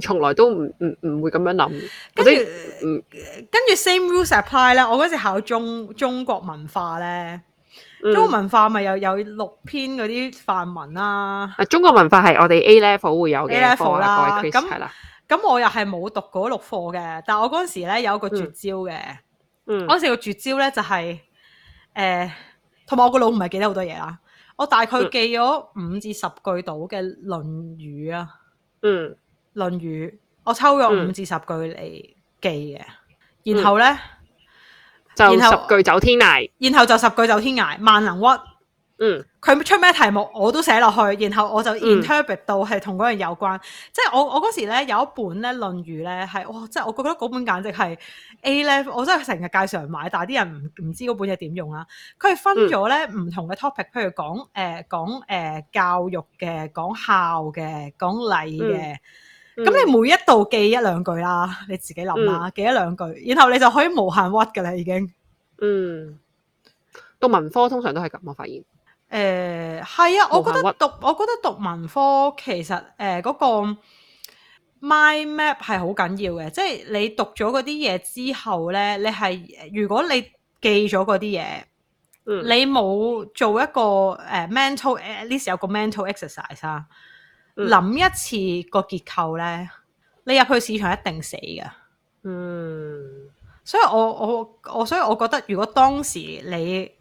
從來都唔唔唔會咁樣諗。跟住跟住 same rules apply 咧。我嗰、嗯、時考中中國文化咧，中國文化咪、嗯、又有六篇嗰啲範文啦、啊。啊，中國文化係我哋 A level 會有嘅 A level 啦。咁咁、嗯、我又係冇讀嗰六課嘅。但係我嗰時咧有一個絕招嘅。嗯。嗰時個絕招咧就係、是、誒，同、呃、埋我個腦唔係記得好多嘢啦。我大概記咗五至十句到嘅《論語》啊。嗯。《論語》，我抽用五至十句嚟記嘅、嗯，然後咧、嗯、就十句走天涯，然後就十句走天涯。萬能屈，嗯，佢出咩題目我都寫落去，然後我就 interpret 到係同嗰樣有關。嗯、即係我我嗰時咧有一本咧《論語呢》咧係哇，即係我覺得嗰本簡直係 A l 我真係成日介紹人買，但係啲人唔唔知嗰本嘢點用啦。佢係分咗咧唔同嘅 topic，譬如講誒講誒教育嘅，講孝嘅，講禮嘅。嗯咁、嗯、你每一度記一兩句啦，你自己諗啦、嗯，記一兩句，然後你就可以無限屈嘅啦，已經。嗯，讀文科通常都係咁，我發現。誒、呃，係啊，我覺得讀我覺得讀文科其實誒嗰、呃嗰個 mind map 係好緊要嘅，即、就、係、是、你讀咗嗰啲嘢之後咧，你係如果你記咗嗰啲嘢，你冇做一個誒、呃、mental at least 有個 mental exercise 啊。諗一次個結構咧，你入去市場一定死噶。嗯，所以我我我所以我覺得，如果當時你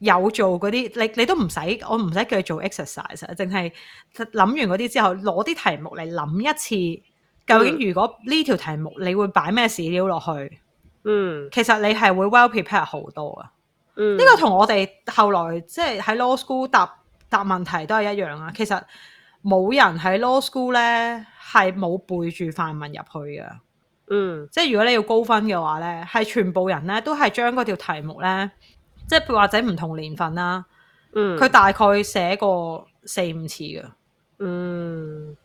有做嗰啲，你你都唔使，我唔使叫你做 exercise，淨係諗完嗰啲之後，攞啲題目嚟諗一次，究竟如果呢條題目你會擺咩史料落去？嗯，其實你係會 well prepare 好多啊。嗯，呢個同我哋後來即係喺 law school 答答問題都係一樣啊。其實。冇人喺 law school 咧，係冇背住範文入去嘅。嗯，即係如果你要高分嘅話咧，係全部人咧都係將嗰條題目咧，即係或者唔同年份啦。嗯，佢大概寫過四五次嘅。嗯，呢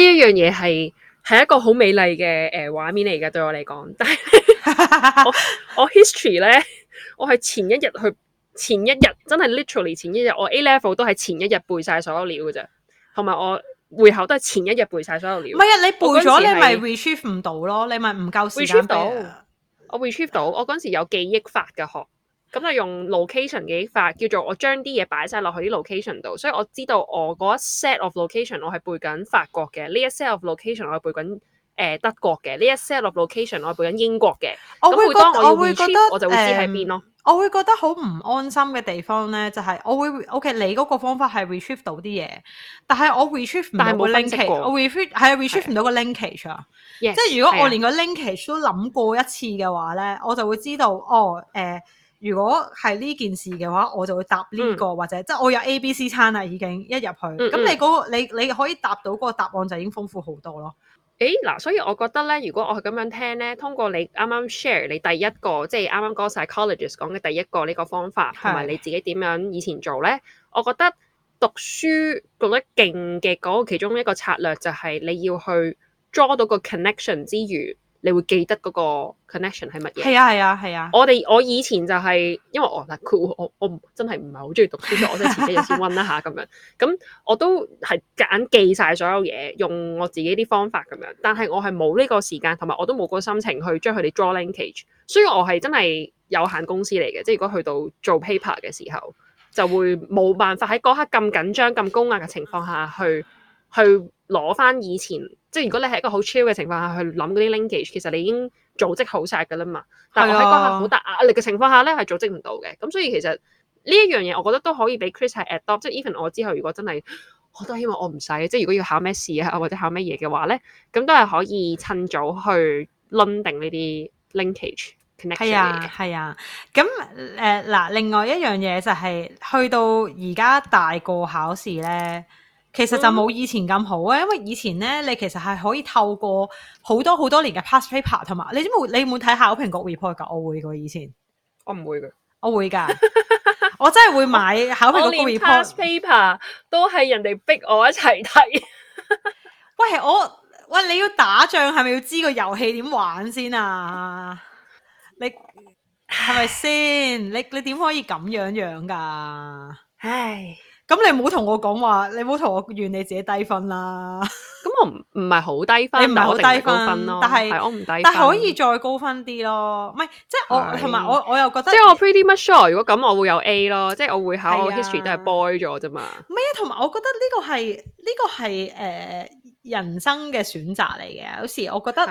一樣嘢係係一個好美麗嘅誒、呃、畫面嚟噶，對我嚟講。但係 我，我 history 咧，我係前一日去，前一日真係 literally 前一日，我 A level 都係前一日背晒所有料噶咋。同埋我會考都係前一日背晒所有料。唔係啊，你背咗你咪 retrieve 唔到咯，你咪唔夠時間。retrieve 到，我 retrieve 到。我嗰陣時有記憶法嘅學，咁就用 location 記憶法，叫做我將啲嘢擺晒落去啲 location 度，所以我知道我嗰 set of location 我係背緊法國嘅，呢一 set of location 我係背緊、呃、德國嘅，呢一 set of location 我係背緊英國嘅。咁每當我 retrieve，我,我就會知喺邊咯。我會覺得好唔安心嘅地方咧，就係、是、我會 OK，你嗰個方法係 retrieve 到啲嘢，但係我 retrieve 唔到 linkage。我 retrieve 係 retrieve 唔到個 linkage 是啊！即係如果我連個 linkage 都諗過一次嘅話咧，我就會知道哦、呃、如果係呢件事嘅話，我就會答呢、呢個、嗯、或者即係我有 A、B、C 餐啊已經一入去，咁、嗯嗯、你嗰、嗰個你你可以答到嗰個答案就已經豐富好多咯。嗱、欸啊，所以我覺得咧，如果我係咁樣聽咧，通過你啱啱 share 你第一個，即係啱啱嗰個 psychologist 講嘅第一個呢個方法，同埋你自己點樣以前做咧，我覺得讀書讀得勁嘅嗰個其中一個策略就係你要去 draw 到個 connection 之餘。你會記得嗰個 connection 係乜嘢？係啊係啊係啊！我哋我以前就係、係、因為係我嗱，我我真係唔係好中意讀書，所 以我哋自己又先溫一下咁樣。咁、嗯、我都係夾硬記曬所有嘢，用我自己啲方法咁樣。但係我係冇呢個時間，同埋我都冇個心情去將佢哋 draw linkage。雖然我係真係有限公司嚟嘅，即係如果去到做 paper 嘅時候，就會冇辦法喺嗰刻咁緊張、咁 高壓嘅情況下去去。攞翻以前，即係如果你係一個好 chill 嘅情況下去諗嗰啲 l i n k a g e 其實你已經組織好晒㗎啦嘛。但係喺嗰下好大壓力嘅情況下咧，係組織唔到嘅。咁、啊、所以其實呢一樣嘢，我覺得都可以俾 Chris 係 adopt。即係 even 我之後如果真係，我都希望我唔使，即係如果要考咩試啊或者考咩嘢嘅話咧，咁都係可以趁早去論定呢啲 l i n k a g e connection 係啊，係啊。咁嗱、呃，另外一樣嘢就係、是、去到而家大個考試咧。其實就冇以前咁好啊、嗯，因為以前咧，你其實係可以透過好多好多年嘅 past paper 同埋，你知冇？你有冇睇下考評局 report 噶？我會噶，以 前我唔會嘅，我會噶，我真係會買考評局 report。past paper 都係人哋逼我一齊睇。 喂，我喂，你要打仗係咪要知道個遊戲點玩先啊？你係咪先？ 你你點可以咁樣樣噶？唉。咁你唔好同我講話，你唔好同我怨你自己低分啦。咁我唔唔係好低分，你唔係好低分，分咯。但係我唔低分，但係可以再高分啲咯。唔係，即係我同埋我我又覺得，即係我 pretty much sure。如果咁，我會有 A 咯。即係我會考 history 都係 boy 咗啫嘛。咩啊？同埋我覺得呢個係呢、呢個係誒、呃、人生嘅選擇嚟嘅。有時我覺得，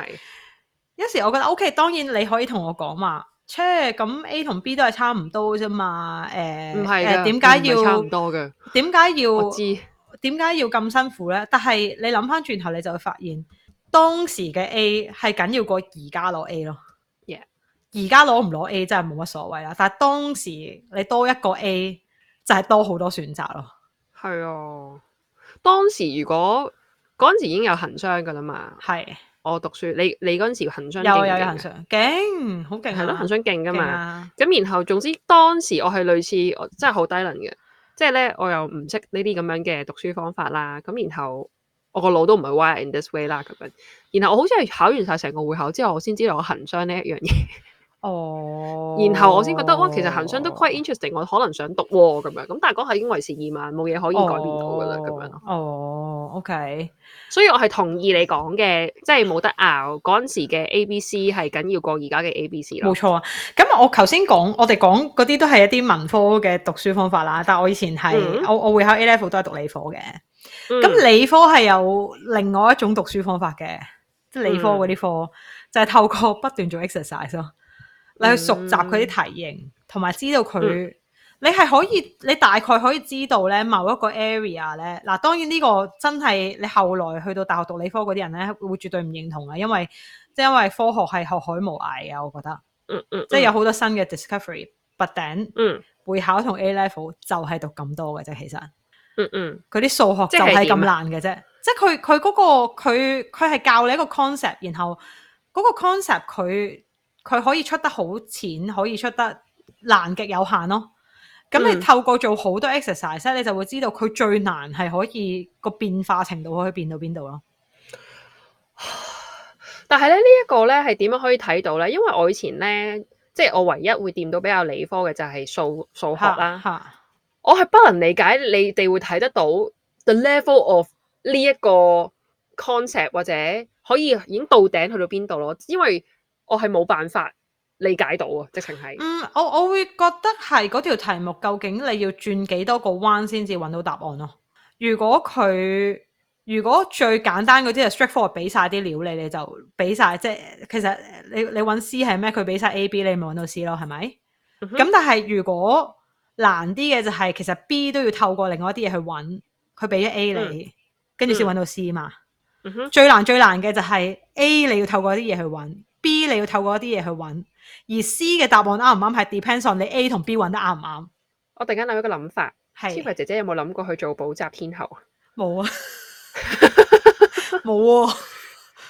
有時我覺得 O K。Okay，當然你可以同我講話切咁 A 同 B 都係差唔多啫嘛，誒誒點解要？唔差唔多嘅。點解要？我知。點解要咁辛苦咧？但係你諗翻轉頭，你就會發現當時嘅 A 係緊要過而家攞 A 咯。yeah，而家攞唔攞 A 真係冇乜所謂啦。但係當時你多一個 A 就係多好多選擇咯。係啊，當時如果嗰陣時已經有行商噶啦嘛，係。我讀書，你你嗰陣時候恆商勁嘅，又有又有恆商勁，好勁，係咯、啊、恆商勁噶嘛。咁、啊、然後總之當時我係類似，我真係好低能嘅，即係咧我又唔識呢啲咁樣嘅讀書方法啦。咁然後我個腦都唔係 wired in this way 啦咁樣。然後我好似係考完晒成個會考之後，我先知道我恆商呢一樣嘢。哦、oh，然後我先覺得哇、oh, 哦，其實行商都 quite interesting，我可能想讀喎、哦、咁樣，咁但係嗰係已經為時已晚，冇嘢可以改變到噶啦咁樣咯。哦、oh，OK，所以我係同意你講嘅，即係冇得拗嗰陣時嘅 A、B、C 係緊要過而家嘅 A、B、C 咯。冇錯啊，咁我頭先講我哋講嗰啲都係一啲文科嘅讀書方法啦，但係我以前係、mm. 我我會考 A level 都係讀理科嘅，咁、mm. 理科係有另外一種讀書方法嘅，即係理科嗰啲科、mm. 就係透過不斷做 exercise 咯。你去熟習佢啲題型，同、嗯、埋知道佢、嗯，你係可以，你大概可以知道咧某一個 area 咧。嗱，當然呢個真係你後來去到大學讀理科嗰啲人咧，會絕對唔認同啊，因為即係、就是、因為科學係學海無涯嘅，我覺得，嗯嗯、即係有好多新嘅 discovery。But then 嗯，會、嗯、考同 A level 就係讀咁多嘅啫，其實，嗯嗯，嗰啲數學就係咁難嘅啫，即係佢佢嗰個佢佢係教你一個 concept，然後嗰個 concept 佢。佢可以出得好淺，可以出得難極有限咯。咁你透過做好多 exercise、嗯、你就會知道佢最難係可以個變化程度可以變到邊度咯。但係咧，這個、呢一個咧係點樣可以睇到咧？因為我以前咧，即、就、係、是、我唯一會掂到比較理科嘅就係數數學啦。吓。我係不能理解你哋會睇得到 the level of 呢一個 concept 或者可以已經到頂去到邊度咯，因為。我係冇辦法理解到啊，直情係。嗯，我我會覺得係嗰條題目究竟你要轉幾多個彎先至搵到答案咯、啊？如果佢如果最簡單嗰啲係 straightforward 俾晒啲料你，了你，你就俾晒。即係其實你你搵 C 係咩？佢俾晒 A、B，你咪搵到 C 咯，係咪？咁、mm -hmm. 但係如果難啲嘅就係、是，其實 B 都要透過另外一啲嘢去搵。佢俾咗 A 你，跟住先搵到 C 嘛。Mm -hmm. 最難最難嘅就係 A 你要透過啲嘢去搵。B 你要透過一啲嘢去揾，而 C 嘅答案啱唔啱係 depends on 你 A 同 B 揾得啱唔啱？我突然間諗一個諗法，係 Sylvia 姐姐有冇諗過去做補習天后？冇啊，冇 啊！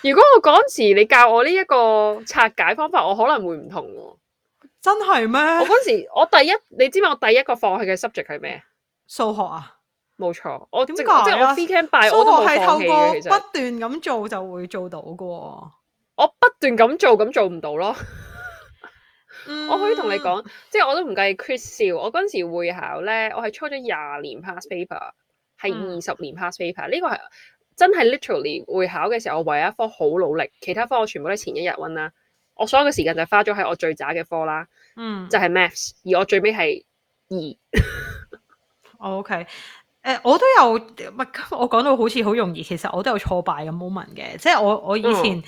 如果我嗰時你教我呢一個拆解方法，我可能會唔同的。真係咩？我嗰時我第一，你知唔知我第一個放棄嘅 subject 係咩？數學啊，冇錯。我點解即係我聽拜，數學係透過不斷咁做就會做到噶。我不斷咁做，咁做唔到咯。 mm. 我可以同你講，即係我都唔計 Chris 笑。我嗰陣時會考咧，我係抽咗廿年 past paper，係二十年 past paper。呢個係真係 literally 會考嘅時候，我唯一一科好努力，其他科我全部都前一日温啦。我所有嘅時間就花咗喺我最渣嘅科啦。嗯、mm.，就係 maths 而我最尾係二。O K，誒，我都有唔係，我講到好似好容易，其實我都有挫敗嘅 moment 嘅，即係我我以前。Mm.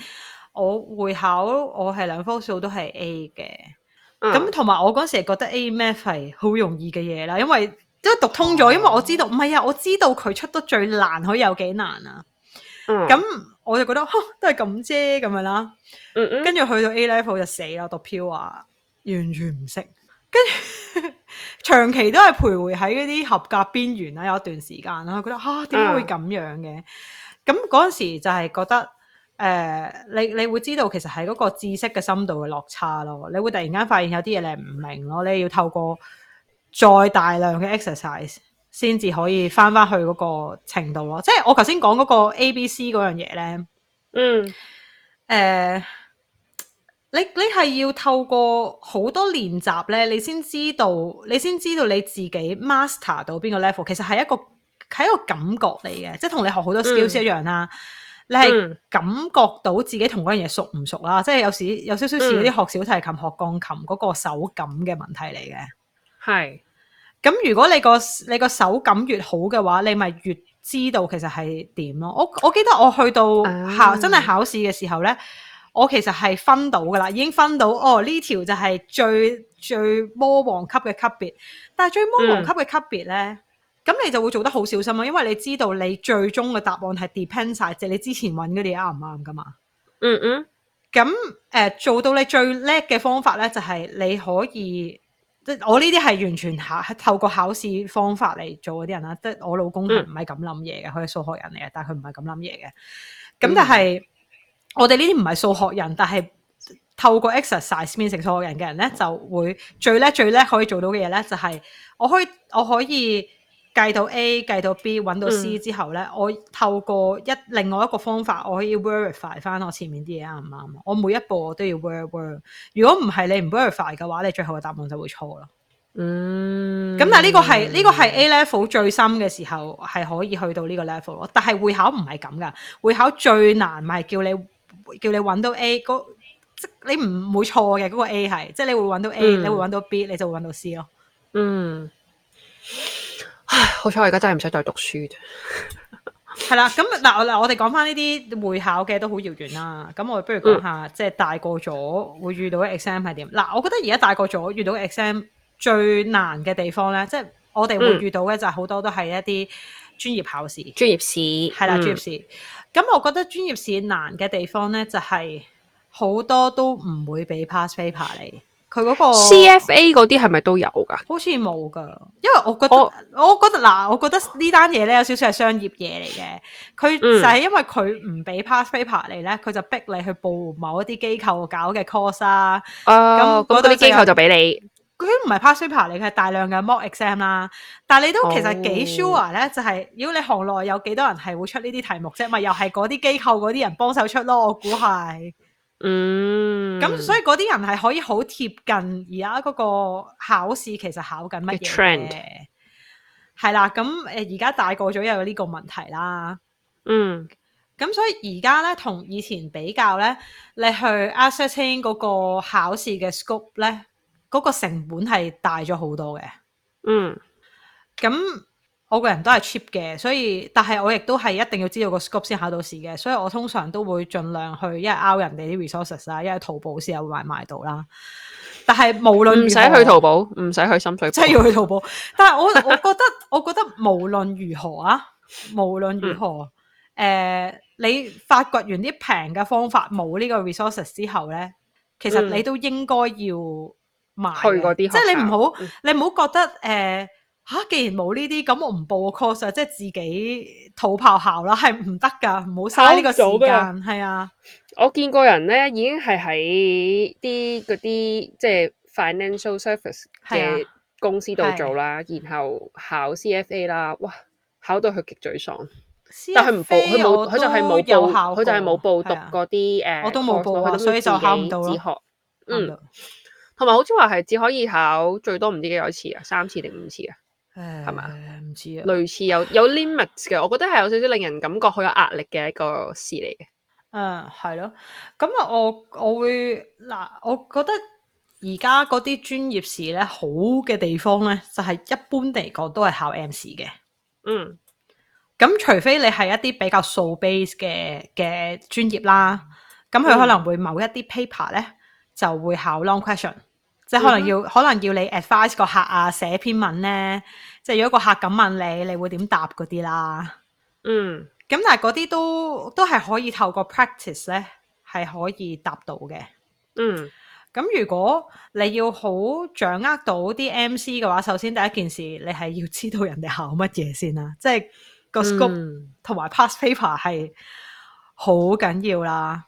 我會考，我係兩科數都係 A 嘅，咁同埋我嗰時覺得 A、M、F 係好容易嘅嘢啦，因為都讀通咗，因為我知道唔係、嗯、啊，我知道佢出得最難，可以有幾難啊？咁、嗯、我就覺得都係咁啫，咁樣啦。跟、嗯、住、嗯、去到 A level 就死啦，讀票啊，完全唔識。跟住 長期都係徘徊喺嗰啲合格邊緣啦，有一段時間啦，覺得啊點解會咁樣嘅？咁嗰陣時就係覺得。誒、呃，你你會知道其實係嗰個知識嘅深度嘅落差咯，你會突然間發現有啲嘢你係唔明咯，你要透過再大量嘅 exercise 先至可以翻翻去嗰個程度咯。即係我頭先講嗰個 A、B、C 嗰樣嘢咧，嗯，誒、呃，你你係要透過好多練習咧，你先知道，你先知道你自己 master 到邊個 level，其實係一個係一個感覺嚟嘅，即係同你學好多 skills 一樣啦。嗯你係感覺到自己同嗰樣嘢熟唔熟啦、嗯？即係有時有少少似嗰啲學小提琴、學鋼琴嗰個手感嘅問題嚟嘅。係。咁如果你個你個手感越好嘅話，你咪越知道其實係點咯。我我記得我去到考真係考試嘅時候咧、啊，我其實係分到㗎喇，已經分到哦，呢條就係最最魔王級嘅級別，但係最魔王級嘅級別咧。嗯咁你就會做得好小心咯、啊，因為你知道你最終嘅答案係 depend 晒，即係你之前揾嗰啲啱唔啱噶嘛。嗯嗯。咁誒、呃，做到你最叻嘅方法咧，就係、是、你可以，即係我呢啲係完全考透過考試方法嚟做嗰啲人啦。即係我老公係唔係咁諗嘢嘅，佢係數學人嚟嘅，但係佢唔係咁諗嘢嘅。咁但係我哋呢啲唔係數學人，但係、就是嗯、透過 exercise 變成數學人嘅人咧，就會最叻最叻可以做到嘅嘢咧，就係我可以我可以。計到 A，計到 B，揾到 C 之後咧、嗯，我透過一另外一個方法，我可以 verify 翻我前面啲嘢啱唔啱？我每一步我都要，ver -ver，要 verify。如果唔係你唔 verify 嘅話，你最後嘅答案就會錯咯。嗯。咁但係呢個係呢、呢個係 A level 最深嘅時候係可以去到呢個 level 咯。但係會考唔係咁噶，會考最難咪叫你叫你揾到 A 即、嗰個、你唔會錯嘅嗰、嗰個 A 係，即、就、係、係、你會揾到 A，、嗯、你會揾到 B，你就會揾到 C 咯。嗯。唉，好彩我而家真係唔使再讀書係啦，咁 嗱， 嗱我哋講翻呢啲會考嘅都好遙遠啦。咁我不如講下，嗯、即係大個咗會遇到嘅 exam 係點。嗱、嗯，我覺得而家大個咗遇到 exam 最難嘅地方咧，即、就、係、是、我哋會遇到嘅就係好多都係一啲專業考試、專、嗯、業試係啦，專業試。咁、嗯、我覺得專業試難嘅地方咧，就係、是、好多都唔會俾 pass paper 你。佢嗰個 CFA 嗰啲係咪都有㗎？好似冇㗎，因為我覺得、oh。我覺得嗱，我覺得呢單嘢咧有少少係商業嘢嚟嘅。佢就係因為佢唔俾 pass paper 嚟咧，佢就逼你去報某一啲機構搞嘅 course 啊。咁嗰度啲機構就俾你。佢唔係 pass paper 嚟，佢係大量嘅 mock exam 啦。但係你都其實幾 sure 咧，就係如果你行內有幾多人係會出呢啲題目，啫咪又係嗰啲機構嗰啲人幫手出咯，我估係。嗯，咁所以嗰啲人係可以好貼近而家嗰個考試，其實考緊乜嘢？係啦，咁誒而家大個咗有呢個問題啦。嗯，咁所以而家咧同以前比較咧，你去 assessing 嗰個考試嘅 scope 咧，嗰、嗰個成本係大咗好多嘅。嗯，咁。我個人都係 cheap 嘅，所以但係我亦都係一定要知道個 scope 先考到試嘅，所以我通常都會盡量去一係 out 人哋啲 resources 啊，一係淘寶先有買買到啦。但係無論唔使去淘寶，唔使去深水埗，即係要去淘寶。但係我我覺得，我覺得無論如何啊， 無論如何，誒、嗯呃，你發掘完啲平嘅方法冇呢個 resources 之後咧，其實你都應該要買、嗯、去嗰啲，即係你唔好、嗯、你唔好覺得誒。呃吓、啊，既然冇呢啲，咁我唔報個 course 即係自己土炮考啦，係唔得噶，唔好嘥呢個時間。係啊，我見過人咧，已經係喺啲嗰啲即係 Financial Service 嘅公司度做啦、啊，然後考 CFA 啦，哇，考到佢極嘴爽，CFA、但係佢唔報，佢冇，佢就係冇報，佢就係冇報讀嗰啲誒，我都冇報、啊，所以就考唔到自己自己自學，嗯，同埋好似話係只可以考最多唔知幾多次啊，三次定五次啊。誒，係嘛？唔知啊，類似有有 limits 嘅，我覺得係有少少令人感覺好有壓力嘅一個事嚟嘅。誒、嗯，係咯，咁啊，我我會嗱，我覺得而家嗰啲專業試咧，好嘅地方咧，就係、是、一般嚟講都係考 M 試嘅。嗯，咁除非你係一啲比較數 base 嘅嘅專業啦，咁佢可能會某一啲 paper 咧、嗯、就會考 long question。即係可能要、嗯，可能要你 advise 個客啊，寫篇文咧。即係如果個客咁問你，嗯、你會點答嗰啲啦？嗯。咁但係嗰啲都都係可以透過 practice 咧，係可以答到嘅。嗯。咁如果你要好掌握到啲 MC 嘅話，首先第一件事，你係要知道人哋考乜嘢先啦。即係個 scope 同埋 pass paper 係好緊要啦。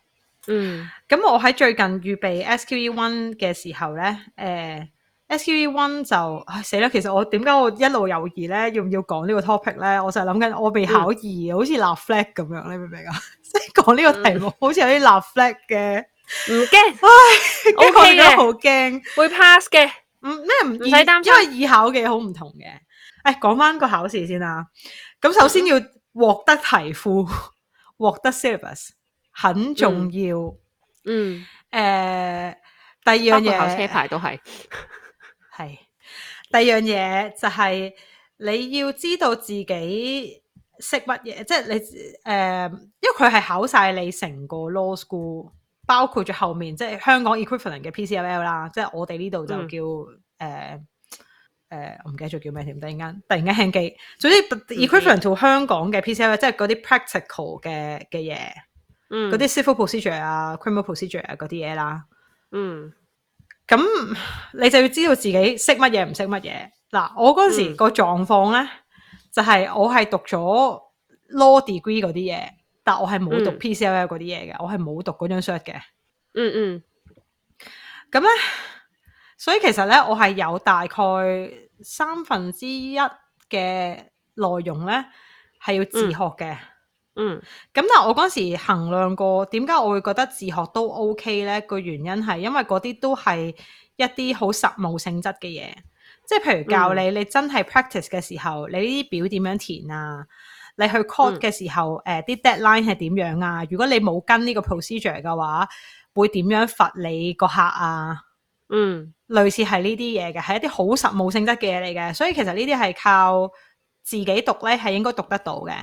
嗯，咁我喺最近預備 SQE one 嘅時候咧、欸、SQE one 就死啦、哎！其實我點解我一路猶豫咧，要唔要講呢個 topic 咧？我就係諗緊，我未考二、嗯，好似立 flag 咁樣，你明唔明啊？即係講呢個題目好，好似有啲立 flag 嘅，唔驚，O K 嘅，好驚、okay，會 pass 嘅，唔咩唔唔使擔心，因為二考嘅好唔同嘅。誒、哎，講翻個考試先啦。咁首先要獲得題庫，嗯、 獲得 service。很重要，嗯，誒、嗯呃，第二樣嘢考車牌都係， 第二樣嘢就係、是、你要知道自己識乜嘢，即係你誒、呃，因為佢係考晒你成個 law school，包括咗後面，即、就、係、是、香港 equivalent 嘅 PCLL 啦，即係我哋呢度就叫誒、嗯呃呃、我唔記得咗叫咩添，突然間突然間 hang 機，總之 equivalent to、嗯、香港嘅 PCLL，即係嗰啲 practical 嘅嘅嘢。嗯，嗰啲 civil procedure 啊、criminal procedure 啊嗰啲嘢啦，嗯，咁你就要知道自己識乜嘢唔識乜嘢。嗱，我嗰時個狀況咧，就係、是、我係讀咗 law degree 嗰啲嘢，但我係冇讀 PCLL 嗰啲嘢嘅，我係冇讀嗰張 shirt 嘅。嗯嗯，咁咧，所以其實咧，我係有大概三分之一嘅內容咧，係要自學嘅。嗯嗯，咁但係我嗰時衡量過，點解我會覺得自學都 OK 咧？個原因係因為嗰啲都係一啲好實務性質嘅嘢，即係譬如教你，嗯，你真係 practice 嘅時候，你呢啲表點樣填啊？你去 court 嘅時候，誒，嗯，啲，呃，deadline 係點樣啊？如果你冇跟呢個 procedure 嘅話，會點樣罰你個客啊？嗯，類似係呢啲嘢嘅，係一啲好實務性質嘅嘢嚟嘅，所以其實呢啲係靠自己讀咧，係應該讀得到嘅。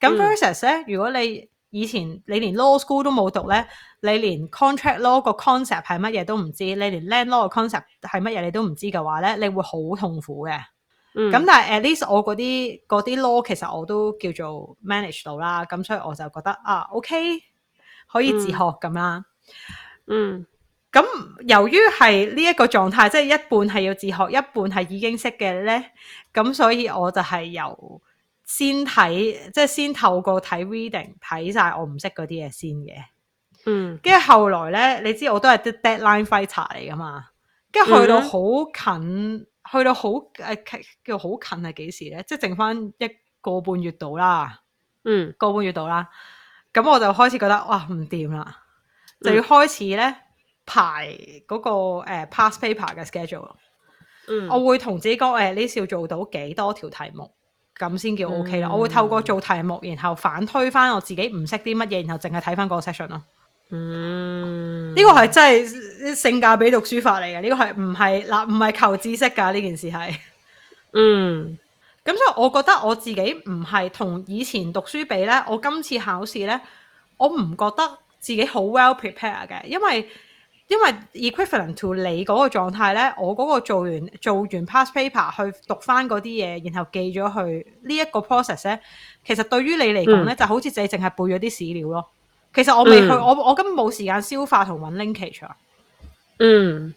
咁 versus 咧，如果你以前你連 law school 都冇讀咧，你連 contract law 個 concept 係乜嘢都唔知，你連 land law 個 concept 係乜嘢你都唔知嘅話咧，你會好痛苦嘅。咁、嗯、但係 at least 我嗰啲嗰啲 law 其實我都叫做 manage 到啦。咁所以我就覺得啊，OK 可以自學咁啦。嗯。咁由於係呢一個狀態，即係一半係要自學，一半係已經識嘅咧。咁所以我就係由先睇，即係先透過睇 reading 睇晒我唔識嗰啲嘢先嘅。嗯，跟住後來咧，你知我都係 deadline fighter 嚟噶嘛，跟住去到好近、嗯，去到好誒、啊、叫好近係幾時咧？即係剩翻一個半月度啦。嗯，一個半月度啦，咁我就開始覺得哇唔掂啦，就要開始咧排嗰、那個誒、呃、past paper 嘅 schedule、嗯。我會同自己講誒，呢次要做到幾多條題目？咁先叫 O K 啦，我會透過做題目，然後反推翻我自己唔識啲乜嘢，然後淨係睇翻嗰個 session 咯。嗯，呢個係真係性價比讀書法嚟嘅，呢個係唔係嗱唔係求知識噶呢件事係。嗯，咁所以我覺得我自己唔係同以前讀書比呢。我今次考試呢，我唔覺得自己好 well prepare 嘅，因為。因為 equivalent to 你嗰個狀態咧，我嗰個做完做完 past paper 去讀翻嗰啲嘢，然後記咗去呢一、這個 process 咧，其實對於你嚟講咧，就好似你淨係背咗啲史料咯。其實我未去，嗯、我我根本冇時間消化同揾 linkage、啊。嗯，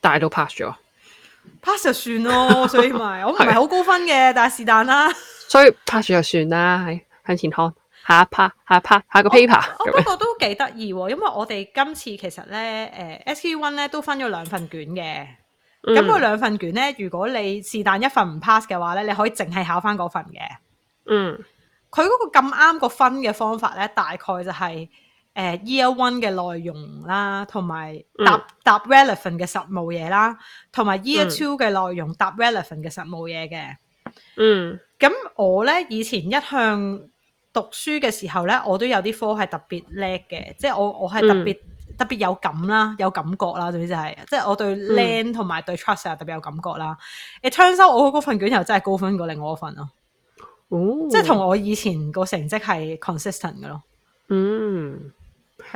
但係都 pass 咗。pass 就算咯，所以咪 我唔係好高分嘅，但係是但啦。所以 pass 咗就算啦，係 c o n 下一 part，下一 part，下個 paper。我不過都幾得意喎， 因為我哋今次其實咧，誒 SQ One 咧都分咗兩份卷嘅。咁、嗯、嗰兩份卷咧，如果你是但一份唔 pass 嘅話咧，你可以淨係考翻嗰份嘅。嗯，佢嗰個咁啱個分嘅方法咧，大概就係、是、誒、呃、Year One 嘅內容啦，同埋搭搭 relevant 嘅實務嘢啦，同埋 Year Two 嘅內容搭 relevant 嘅實務嘢嘅。嗯，咁、嗯嗯、我咧以前一向。讀書嘅時候咧，我都有啲科係特別叻嘅，即係我我係特別、嗯、特別有感啦，有感覺啦，總之係，即、就、係、是、我對 Land 同埋對 trust 係特別有感覺啦。你槍收我嗰份卷又真係高分過另外一份咯。哦，即係同我以前個成績係 consistent 嘅咯。嗯，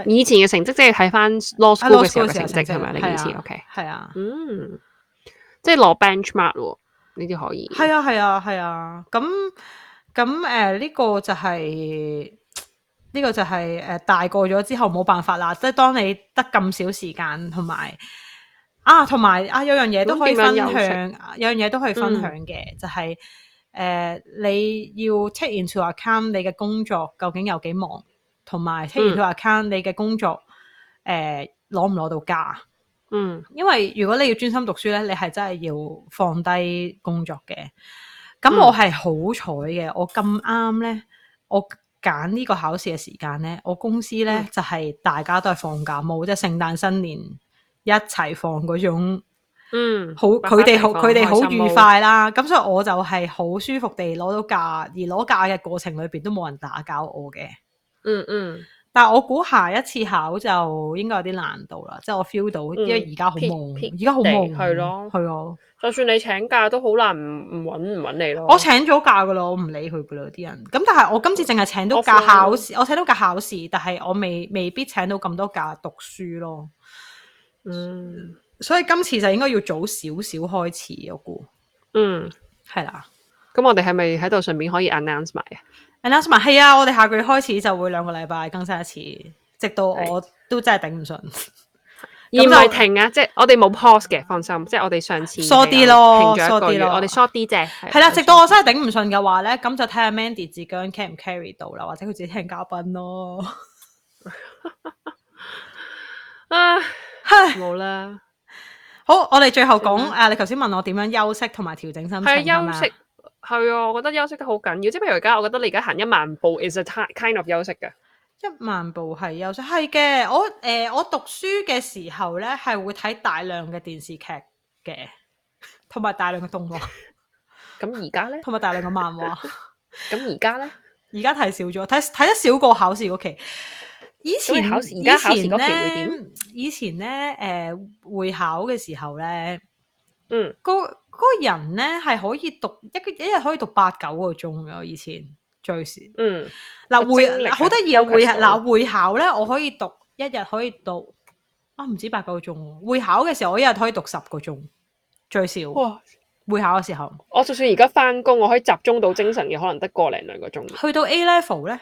以前嘅成績即係睇翻 Law School 嘅成績係咪？成績啊，你以前，啊、OK 係啊，嗯，即係落 benchmark 呢啲可以，係啊係啊係啊，咁、啊。咁誒呢個就係、是、呢、這個就係、是、誒、呃、大個咗之後冇辦法啦，即係當你得咁少時間同埋啊，同埋啊有樣嘢都可以分享，有，有樣嘢都可以分享嘅、嗯，就係、是、誒、呃、你要 take into account 你嘅工作究竟有幾忙，同埋 take into account 你嘅工作誒攞唔攞到假？嗯，因為如果你要專心讀書咧，你係真係要放低工作嘅。咁我係好彩嘅，我咁啱咧，我揀呢個考試嘅時間咧，我公司咧、嗯、就係、係、大家都係放假，冇即係聖誕新年一齊放嗰種，嗯，好，佢哋好，佢哋好愉快啦。咁所以我就係好舒服地攞到假，而攞假嘅過程裏邊都冇人打攪我嘅。嗯嗯，但係我估下一次考就應該有啲難度啦，即、就、係、係、我 feel 到、嗯，因為而家好忙，而家好忙，係、嗯嗯、咯，係啊。就算你請假都好難唔唔搵唔搵你咯。我請咗假噶喇，我唔理佢噶啦啲人。咁但係我今次淨係請到假考試，我請到假考試，但係我未未必請到咁多假讀書咯。嗯，所以今次就應該要早少少開始我估，嗯，係啦。咁我哋係咪喺度順便可以 announce 埋啊？announce 埋係啊，我哋下個月開始就會兩個禮拜更新一次，直到我都真係頂唔順。而唔係停啊！即係我哋冇 pause 嘅，放心。即係我哋上次 short 啲咯，停咗一個月。一點一點一點一點我哋 short 啲啫。係啦，直到我真係頂唔順嘅話咧，咁就睇下 Mandy 自己 carry 唔 carry 到啦，或者佢自己聽嘉賓咯。啊，冇啦。好，我哋最後講誒、嗯啊，你頭先問我點樣休息同埋調整身體是啊？休息係啊，我覺得休息得好緊要。即係譬如而家，我覺得你而家行一萬步，is a kind of 休息嘅。一萬部係有，秀，係嘅。我誒、呃，我讀書嘅時候咧，係會睇大量嘅電視劇嘅，同埋大量嘅動畫。咁而家咧？同埋大量嘅漫畫。咁而家咧？而家睇少咗，睇睇得少過考試嗰期。以前，而家考試嗰期會點？以前咧，誒、呃，會考嘅時候咧，嗯，個個人咧係可以讀一一日可以讀八九個鐘㗎，以前。最少嗯，嗱，會好得意啊，會嗱會，會考咧，我可以讀一日可以讀啊，唔止八個鐘。會考嘅時候，我一日可以讀十個鐘最少。哇，會考嘅時候，我就算而家返工，我可以集中到精神嘅，可能得過零兩個鐘。去到 A level 咧，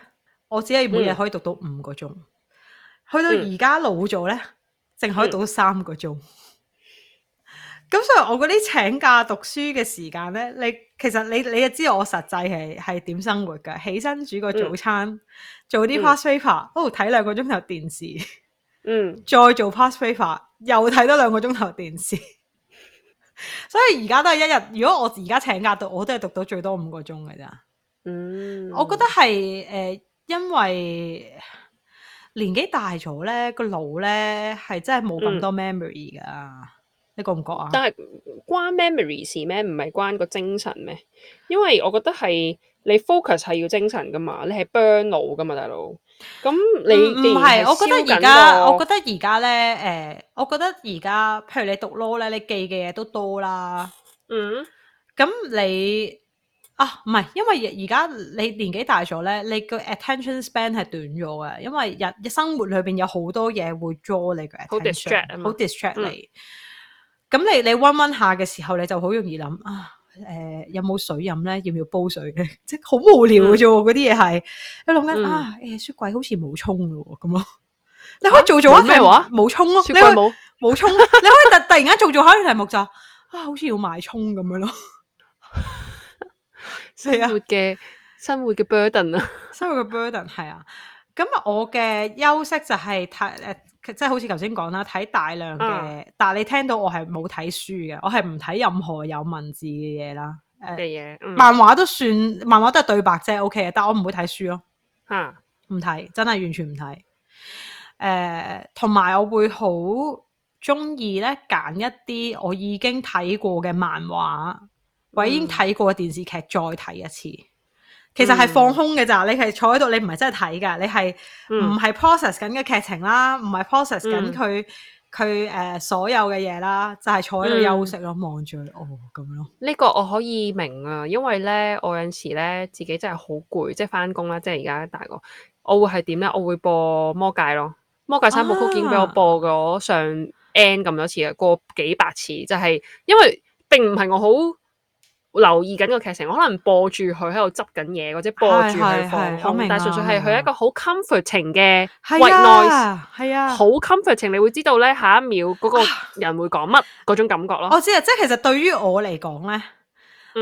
我只係每日可以讀到五個鐘，嗯。去到而家老咗咧，淨可以讀三個鐘。嗯嗯咁所以我嗰啲請假讀書嘅時間咧，你其實你你又知道我實際係係點生活噶？起身煮個早餐，嗯、做啲 pass paper，哦，睇兩個鐘頭電視，嗯，再做 pass paper，又睇多兩個鐘頭電視。 所以而家都係一日。如果我而家請假讀，我都係讀到最多五個鐘㗎咋。嗯，我覺得係、呃、因為年紀大咗咧，個腦咧係真係冇咁多 memory 噶。嗯你覺唔覺啊？但係關 memory 事咩？唔係關個精神咩？因為我覺得係你 focus 係要精神噶嘛，你係 burn 腦噶嘛，大佬。咁你唔唔係？我覺得而家，我覺得而家咧，誒、呃，我覺得而家，譬如你讀 law 咧，你記嘅嘢，都多啦。嗯。咁你啊，唔係，因為而家你年紀大咗咧，你個 attention span 係短咗嘅，因為人生活裏邊有好多嘢會 draw 你嘅 attention，好 distract，啊、你。嗯咁你你溫溫下嘅時候，你就好容易諗啊，誒，有冇水飲咧？要唔要煲水嘅？即係好無聊嘅啫，嗰啲嘢係你諗緊啊，誒，雪櫃好似冇蔥咯，咁咯，你可以做做一份咩話冇蔥咯，雪櫃冇冇蔥，你可以突突然間做做下啲題目就啊，好似要買蔥咁樣咯，生活嘅生活嘅 burden 啊，生活嘅 burden 係啊。咁啊，我嘅休息就係睇誒，即、呃、係、就是、好似頭先講啦，睇大量嘅、嗯。但係你聽到我係冇睇書嘅，我係唔睇任何有文字嘅嘢啦。嘅、嗯、嘢，漫畫都算，漫畫都係對白啫，OK。但係我唔會睇書咯，吓唔睇，真係完全唔睇。誒、呃，同埋我會好中意咧，揀一啲我已經睇過嘅漫畫，嗯、或者已經睇過嘅電視劇再睇一次。其實係放空嘅咋、嗯，你係坐喺度，你唔係真係睇噶，你係唔係 process 緊嘅劇情啦，唔、嗯、係 process 緊佢佢誒所有嘅嘢啦，就係、是、坐喺度休息咯，望、嗯、住哦咁咯。呢、這個我可以明啊，因為咧我有陣時咧自己真係好攰，即係翻工啦，即係而家大個，我會係點咧？我會播魔戒咯，魔戒三部曲已經俾我播咗上 N 咁多次嘅、啊，過幾百次，就係、是、因為並唔係我好。留意緊個劇情，可能播住佢喺度執緊嘢，或者播住佢放空，是是是是但係純粹係佢一個好 comforting 嘅 white noise，係啊，係啊，好 comforting，你會知道咧下一秒嗰個人會講乜嗰種感覺咯。我知啊，即係其實對於我嚟講咧，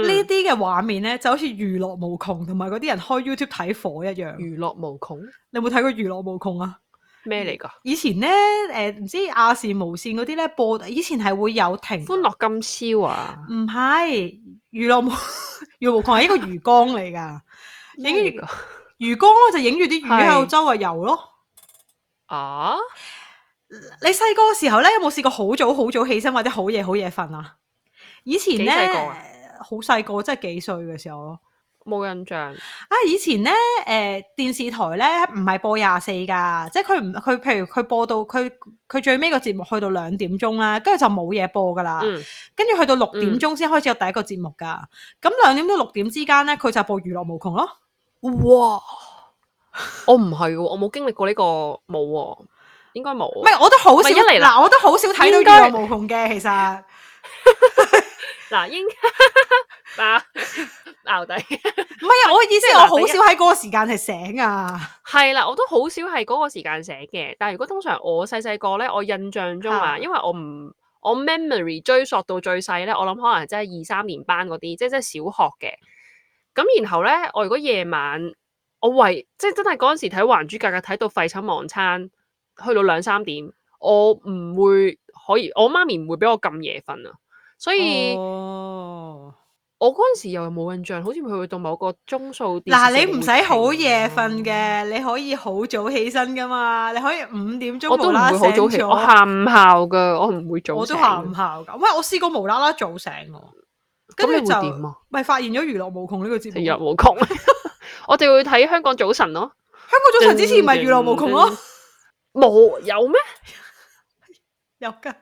呢啲嘅畫面咧就好似娛樂無窮，同埋嗰啲人開 YouTube 睇火一樣，娛樂無窮。你有冇睇過娛樂無窮啊？咩嚟噶？以前咧，誒，唔知亞視無綫嗰啲咧播，以前係會有停。歡樂今宵啊？唔係，娛樂無娛樂無窮係一個魚缸嚟噶， 影魚魚缸就影住啲魚喺度周圍游咯。啊！你細個嘅時候咧，有冇試過好早好早起身或者好夜好夜瞓啊？以前咧，好細個，真、呃、係幾歲嘅時候。冇印象啊！以前咧，誒、呃、電視台咧唔係播廿四噶，即係佢唔佢，佢譬如佢播到佢佢最尾個節目去到兩點鐘啦，跟住就冇嘢播噶啦。跟、嗯、住去到六點鐘先、嗯、開始有第一個節目噶。咁兩點到六點之間咧，佢就播娛樂無窮咯。哇！ 我唔係喎，我冇經歷過呢、呢個冇喎、啊，應該冇、啊。唔係我都好少，嗱我都好少睇到娛樂無窮嘅，其實。 嗱，應打鬧底，唔 係啊！我嘅意思係，我好少喺嗰個時間係醒啊。係啦，我都好少係嗰個時間醒嘅。但係如果通常我細細個咧，我印象中啊，因為我唔我 memory 追溯到最細咧，我諗可能真係二三年班嗰啲，即係即係小學嘅。咁然後咧，我如果夜晚我為即係、就是、真係嗰陣時睇《還珠格格》，睇到廢寢忘餐，去到兩三點，我唔會可以，我媽咪唔會俾我咁夜瞓啊。所以，我嗰時又冇印象，好似佢會到某個鐘數。嗱，你唔使好夜瞓嘅，你可以好早起身噶嘛，你可以五點鐘。我都唔會好早起，我下午校噶，我唔會早。我都下午校噶，喂，我試過無啦啦早醒喎，跟住就點啊？咪發現咗娛樂無窮呢個節目。娛樂無窮，我哋會睇香港早晨咯。香港早晨之前咪娛樂無窮咯，冇有咩？有噶。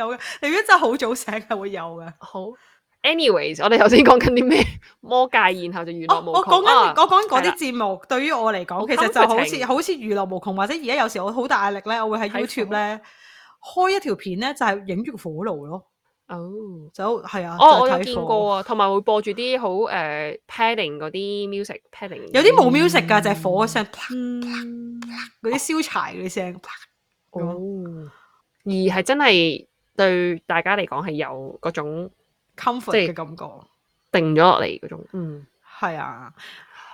有嘅，你如果真係好早醒，係會有嘅。好，anyways，我哋頭先講緊啲咩魔界，然後就娛樂無窮。我講緊，我講緊嗰啲、啊、節目，對，對於我嚟講，其實就好似好似娛樂無窮，或者而家有時我好大壓力咧，我會喺 YouTube 咧開一條片咧，就係影住火爐咯。哦、oh.，就係啊，我、oh, 我有見過啊，同埋會播住啲好誒 padding 嗰啲 music padding，有啲冇 music 㗎，就係、是、火嗰聲，嗰、嗯、啲燒柴嗰啲聲。哦，而係真係。對大家嚟講，係有嗰種 comfort 嘅感覺，定咗落嚟嗰種，嗯，係啊。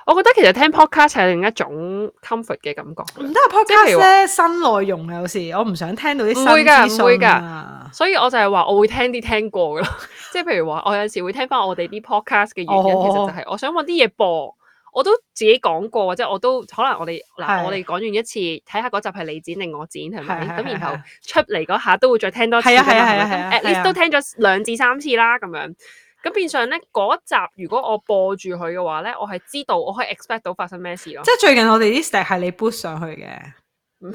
我覺得其實聽 podcast 係另一種 comfort 嘅感覺的。唔得 podcast 咧，新內容有時我唔想聽到啲新資訊啊。所以我就係話我會聽啲聽過噶咯，即係譬如話我有陣時會聽翻我哋啲 podcast 嘅原因，oh. 其實就係我想揾啲嘢播。我都自己講過，即我都可能我哋嗱，我哋講完一次，睇下嗰集係你剪定我剪係咪？咁然後出嚟嗰下都會再聽多次。係啊係係係，at least 都聽咗兩至三次啦。咁樣咁變相咧，嗰集如果我播住佢嘅話咧，我係知道我可以 expect 到發生咩事咯。即最近我哋啲 set 係你 put 上去嘅，唔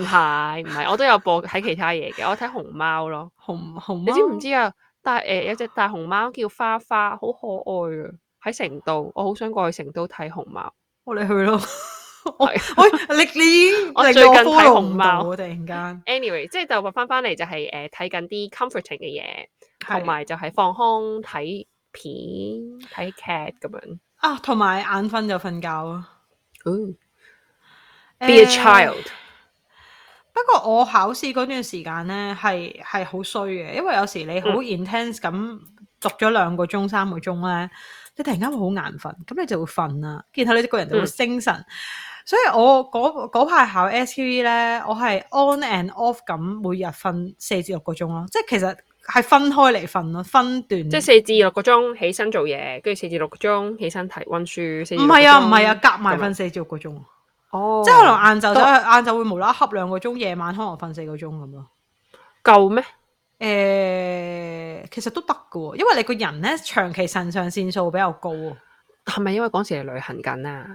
係唔係，我都有播睇其他嘢嘅，我睇熊貓咯，熊熊，你知唔知啊？ 但係誒、呃，有隻大熊貓叫花花，好可愛啊！喺成都，我好想過去成都睇熊貓。哦 哎、你 我哋去咯，我哋最近睇熊貓，突 然間。anyway，即係就翻翻嚟就係誒睇緊啲 comforting 嘅嘢，同埋就係放空睇片睇 cat 咁樣。啊，同埋眼瞓就瞓覺啊。Ooh. Be a child.、Uh, 不過我考試嗰段時間咧，係係好衰嘅，因為有時你好 intense 咁讀咗兩個鐘、嗯、三個鐘咧，你突然間會好眼瞓，咁你就會瞓啦。然後你個人就會精神，嗯，所以我嗰嗰排考 SUV 咧，我係 on and off 咁，每日瞓四至六個鐘咯，即係其實係分開嚟瞓咯，分段，即係四至六個鐘起身做嘢，跟住四至六個鐘起身睇溫書，唔係啊唔係啊，夾埋瞓四至六個鐘。哦、即係可能晏晝走去，晏晝會無啦啦瞌兩個鐘，夜晚可能瞓四個鐘咁咯。夠咩？誒、欸，其實都得嘅，因為你個人咧長期腎上腺素比較高。係咪因為嗰時係旅行緊啊？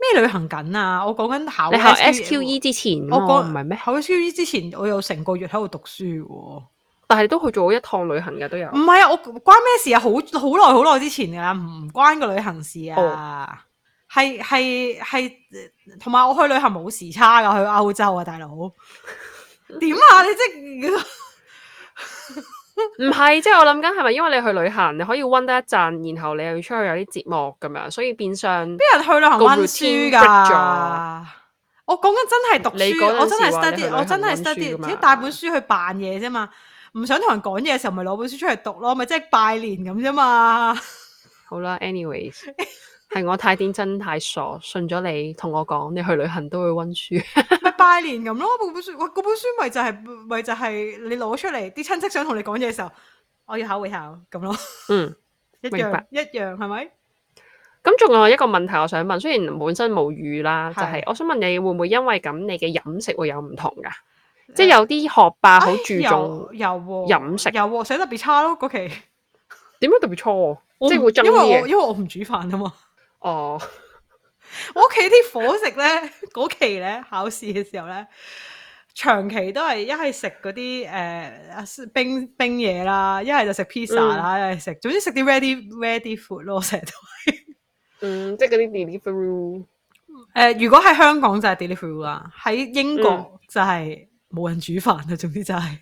咩旅行緊啊？我講緊考考 S Q E 之前，我講唔係咩？考 S Q E 之前，我有成個月喺度讀書，但係你都去做咗一趟旅行嘅都有。唔係啊，我關咩事啊？好好耐好耐之前噶啦，唔關個旅行事啊。哦係係係，同埋我去旅行冇時差噶，去歐洲啊，大佬點 啊？你即唔係即係我諗緊係咪因為你去旅行你可以溫得一陣，然後你又要出去有啲節目咁樣，所以變相畀人去旅行溫書噶。我講緊真係讀書，我真係 study，我真係 study，你帶本書去扮嘢啫嘛？唔想同人講嘢嘅時候，咪攞本書出嚟讀咯，咪即係拜年咁啫嘛。好啦，anyways。 係 我太天真太傻，信咗你同我講，你去旅行都會溫書，咪 拜年咁咯？嗰本書，嗰本書咪就係、是、咪就係你攞出嚟，啲親戚想同你講嘢嘅時候，我要考會考咁咯。嗯，一樣明白一樣係咪？咁仲有一個問題，我想問，雖然本身無語啦，就係、是、我想問你會唔會因為咁，你嘅飲食會有唔同噶？Uh，即係有啲學霸好注重、uh, 有飲、哦、食，有寫得、哦、特別差咯嗰期。點解特別差？即係會些因為我因為我唔煮飯啊嘛。哦、oh. 我屋企啲伙食咧，嗰期咧考試嘅時候咧，長期都係一係食嗰啲誒冰冰嘢啦，一係就食 pizza 啦，嗯、是吃是吃一係食總之食啲 ready ready food 咯，成日都係，嗯，即係嗰啲 delivery。誒、呃，如果喺香港就係 delivery 啦，喺英國就係冇人煮飯啦，總之就係，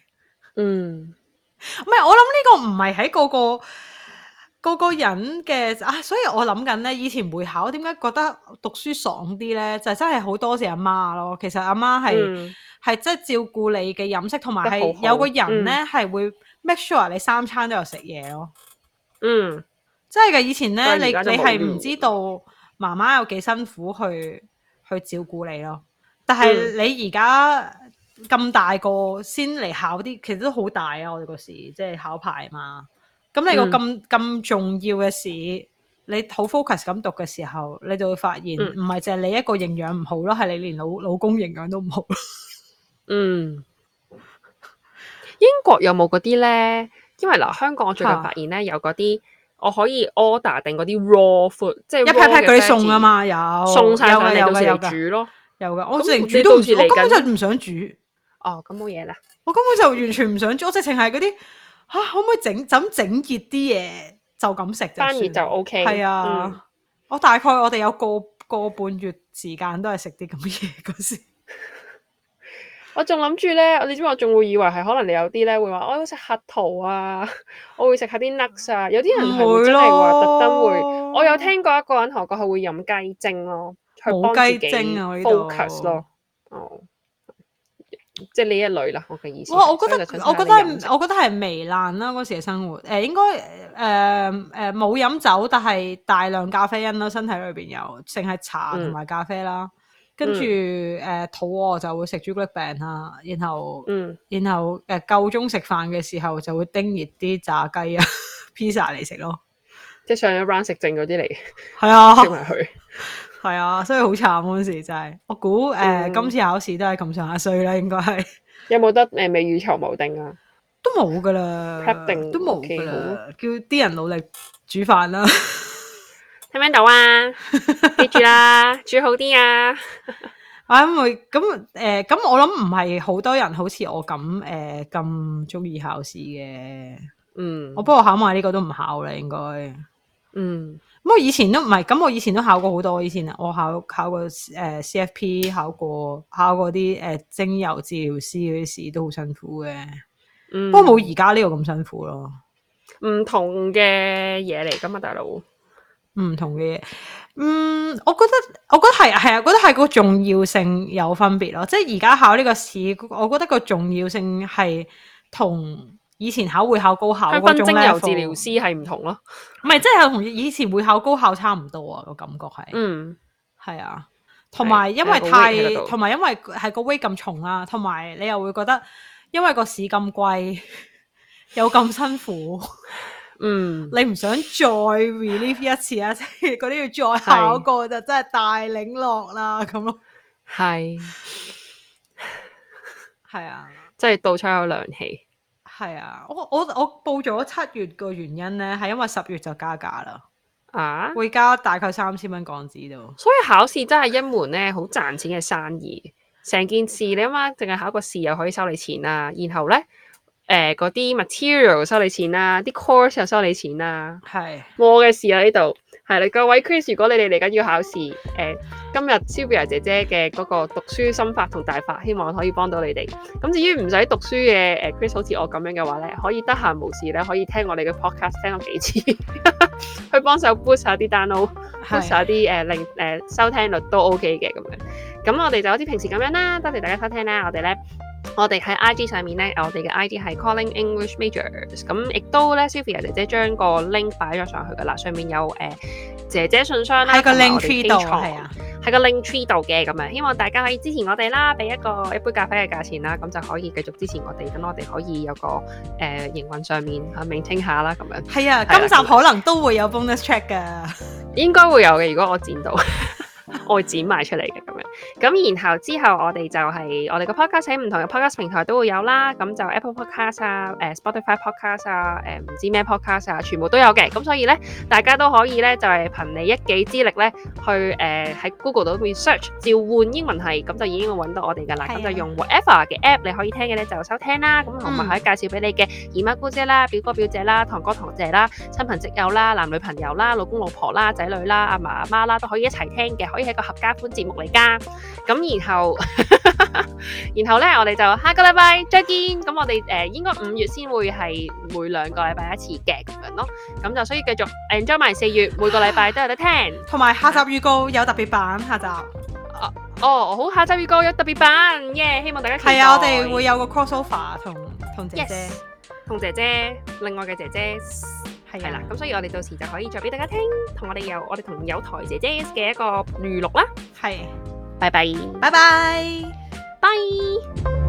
嗯，唔 係我諗呢個唔係喺個個。個個人嘅啊，所以我諗緊咧，以前會考，點解覺得讀書爽啲咧？就係、真係好多謝阿媽咯。其實阿媽係係即係照顧你嘅飲食，同埋係有個人咧係、嗯、會 make sure 你三餐都有食嘢咯。嗯，即係嘅。以前咧，你你係唔知道媽媽有幾辛苦去去照顧你咯。但係你而家咁大個先嚟考啲，其實都好大啊！我哋嗰時即係考牌嘛。咁你個咁咁、嗯、重要嘅事，你好 focus 咁讀嘅時候，你就會發現，唔係淨係你一個營養唔好咯，係你連老老公營養都唔好。嗯，英國有冇嗰啲咧？因為嗱，香港我最近發現咧有嗰啲，啊，我可以 order 定嗰啲 raw food，即係一劈劈佢送噶嘛，有送晒翻嚟到煮咯。有噶、嗯，我直情煮都唔，我根本就唔想煮。哦，咁冇嘢啦，我根本就完全唔想煮，我直情係嗰啲。嚇、啊，可唔可以整整熱啲嘢就咁食就，就 OK、啊。係、嗯、啊。我大概我哋有個個半月時間都係食啲咁嘅嘢嗰時。 我仲諗住咧，你知唔知我仲會以為係可能你有啲咧會話，我食核桃啊，我會食下啲 nuts 啊。有啲人係會真係話特登會。我有聽過一個人韓國係會飲雞精咯，去幫自己 focus 咯。即係呢一類啦，我嘅意思。我我覺得，我覺得，我覺得係糜爛啦嗰時嘅生活。誒、呃，應該誒誒冇飲酒，但係大量咖啡因啦，身體裏邊有，淨、嗯、係茶同埋咖啡啦。跟住誒、嗯呃、肚餓就會食朱古力餅啦，然後、嗯、然後誒夠鐘食飯嘅時候就會叮熱啲炸雞啊披薩嚟食咯。即係上一 round 食剩嗰啲嚟。係 啊，食埋去。係啊，所以好慘嗰時真係。我估誒，今次考試都係咁上下歲啦，應該係有冇得誒未預籌無定啊？都冇㗎啦，都冇叫啲人努力煮飯啦。聽唔聽到啊？記住啦，煮好啲啊！啊，咪咁誒，咁我諗唔係好多人好似我咁誒咁中意考試嘅。嗯，我不過考埋呢個都唔考啦，應該嗯。咁我以前都唔係，咁我以前都考過好多。以前啊，我考考過誒 CFP，考過考啲誒精油治療師嗰啲試都好辛苦嘅。嗯，不過冇而家呢個咁辛苦咯。唔同嘅嘢嚟噶嘛，大佬。唔同嘅嘢，嗯，我覺得，我覺得係係啊，我覺得係個重要性有分別咯。即係而家考呢個試，我覺得個重要性係同。以前考會考高考佢分精油治療師係唔同咯，唔係即係同以前會考高考差唔多啊，個感覺係，嗯，係啊，同埋因為太，同、嗯、埋因為係個 weight 咁重啦，啊，同埋你又會覺得，因為個市咁貴 又咁辛苦，嗯，你唔想再 relieve 一次啊？即嗰啲要再考過就真係大領落啦咁咯，係，係 啊，即係倒抽有涼氣。係啊，我我我報咗七月個原因咧，係因為十月就加價啦，啊，會加大概三千蚊港紙度。所以考試真係一門咧好賺錢嘅生意，成件事你啱啱淨係考個試又可以收你錢啦，然後咧誒嗰啲 material 收你錢啦，啲 course 又收你錢啦，係冇我嘅事喺呢度。係啦，各位 Chris，如果你哋嚟緊要考試，誒、呃，今日 Sylvia 姐姐嘅嗰個讀書心法同大法，希望可以幫到你哋。咁至於唔使讀書嘅，誒，Chris 好似我咁樣嘅話咧，可以得閒無事咧，可以聽我哋嘅 podcast 聽到幾次， 去幫手 boost 下啲 download，boost 下啲誒令誒收聽率都 OK 嘅咁樣。咁我哋就好似平時咁樣啦，多謝大家收聽啦，我哋咧。我哋喺 IG 上面咧，我哋嘅 IG 係 Calling English Majors，咁亦都咧 Sylvia 姐姐將個 link 擺咗上去噶啦，上面有誒、呃、姐姐信箱啦，喺個、啊、個 link tree 度，喺個 link tree 度嘅咁樣，希望大家可以支持我哋啦，俾一個一杯咖啡嘅價錢啦，咁就可以繼續支持我哋，咁我哋可以有個誒營運上面啊，maintain 一下啦，咁樣。係啊，今集可能都會有 bonus check 噶，應該會有嘅，如果我剪到。 外剪賣出嚟嘅咁樣，咁然後之後我哋就係、是、我哋個 podcast 喺唔同嘅 podcast 平台都會有啦，咁就 Apple Podcast 啊，誒、呃、Spotify Podcast 啊，誒、呃、唔知咩 podcast 啊，全部都有嘅，咁所以咧大家都可以咧就係、是、憑你一己之力咧去誒喺、呃、Google 度 research 召喚英文系，咁就已經會搵到我哋噶啦，咁就用 whatever 嘅 app 你可以聽嘅咧就收聽啦，咁我咪可以介紹俾你嘅姨媽姑姐啦，表哥表姐啦，堂哥堂姐啦，親朋戚友啦，男女朋友啦，老公老婆啦，仔女啦，阿嫲阿媽啦，都可以一齊聽嘅。可以係一個合家歡節目嚟㗎，咁然後然後呢，我哋就下個禮拜再見。咁我哋誒應該五月先會係每兩個禮拜一次嘅咁樣咯。咁就所以繼續 enjoy 埋四月每個禮拜都有得聽，同埋下集預告有特別版下集。哦哦，好，下集預告有特別版，耶！希望大家係啊，我哋會有個 cross over 同同姐姐、同姐姐、另外嘅姐姐。係啦，咁所以我哋到時就可以再俾大家聽，同我哋有我哋同友台姐姐嘅一個娛樂啦。係，拜拜，拜拜，拜，拜。Bye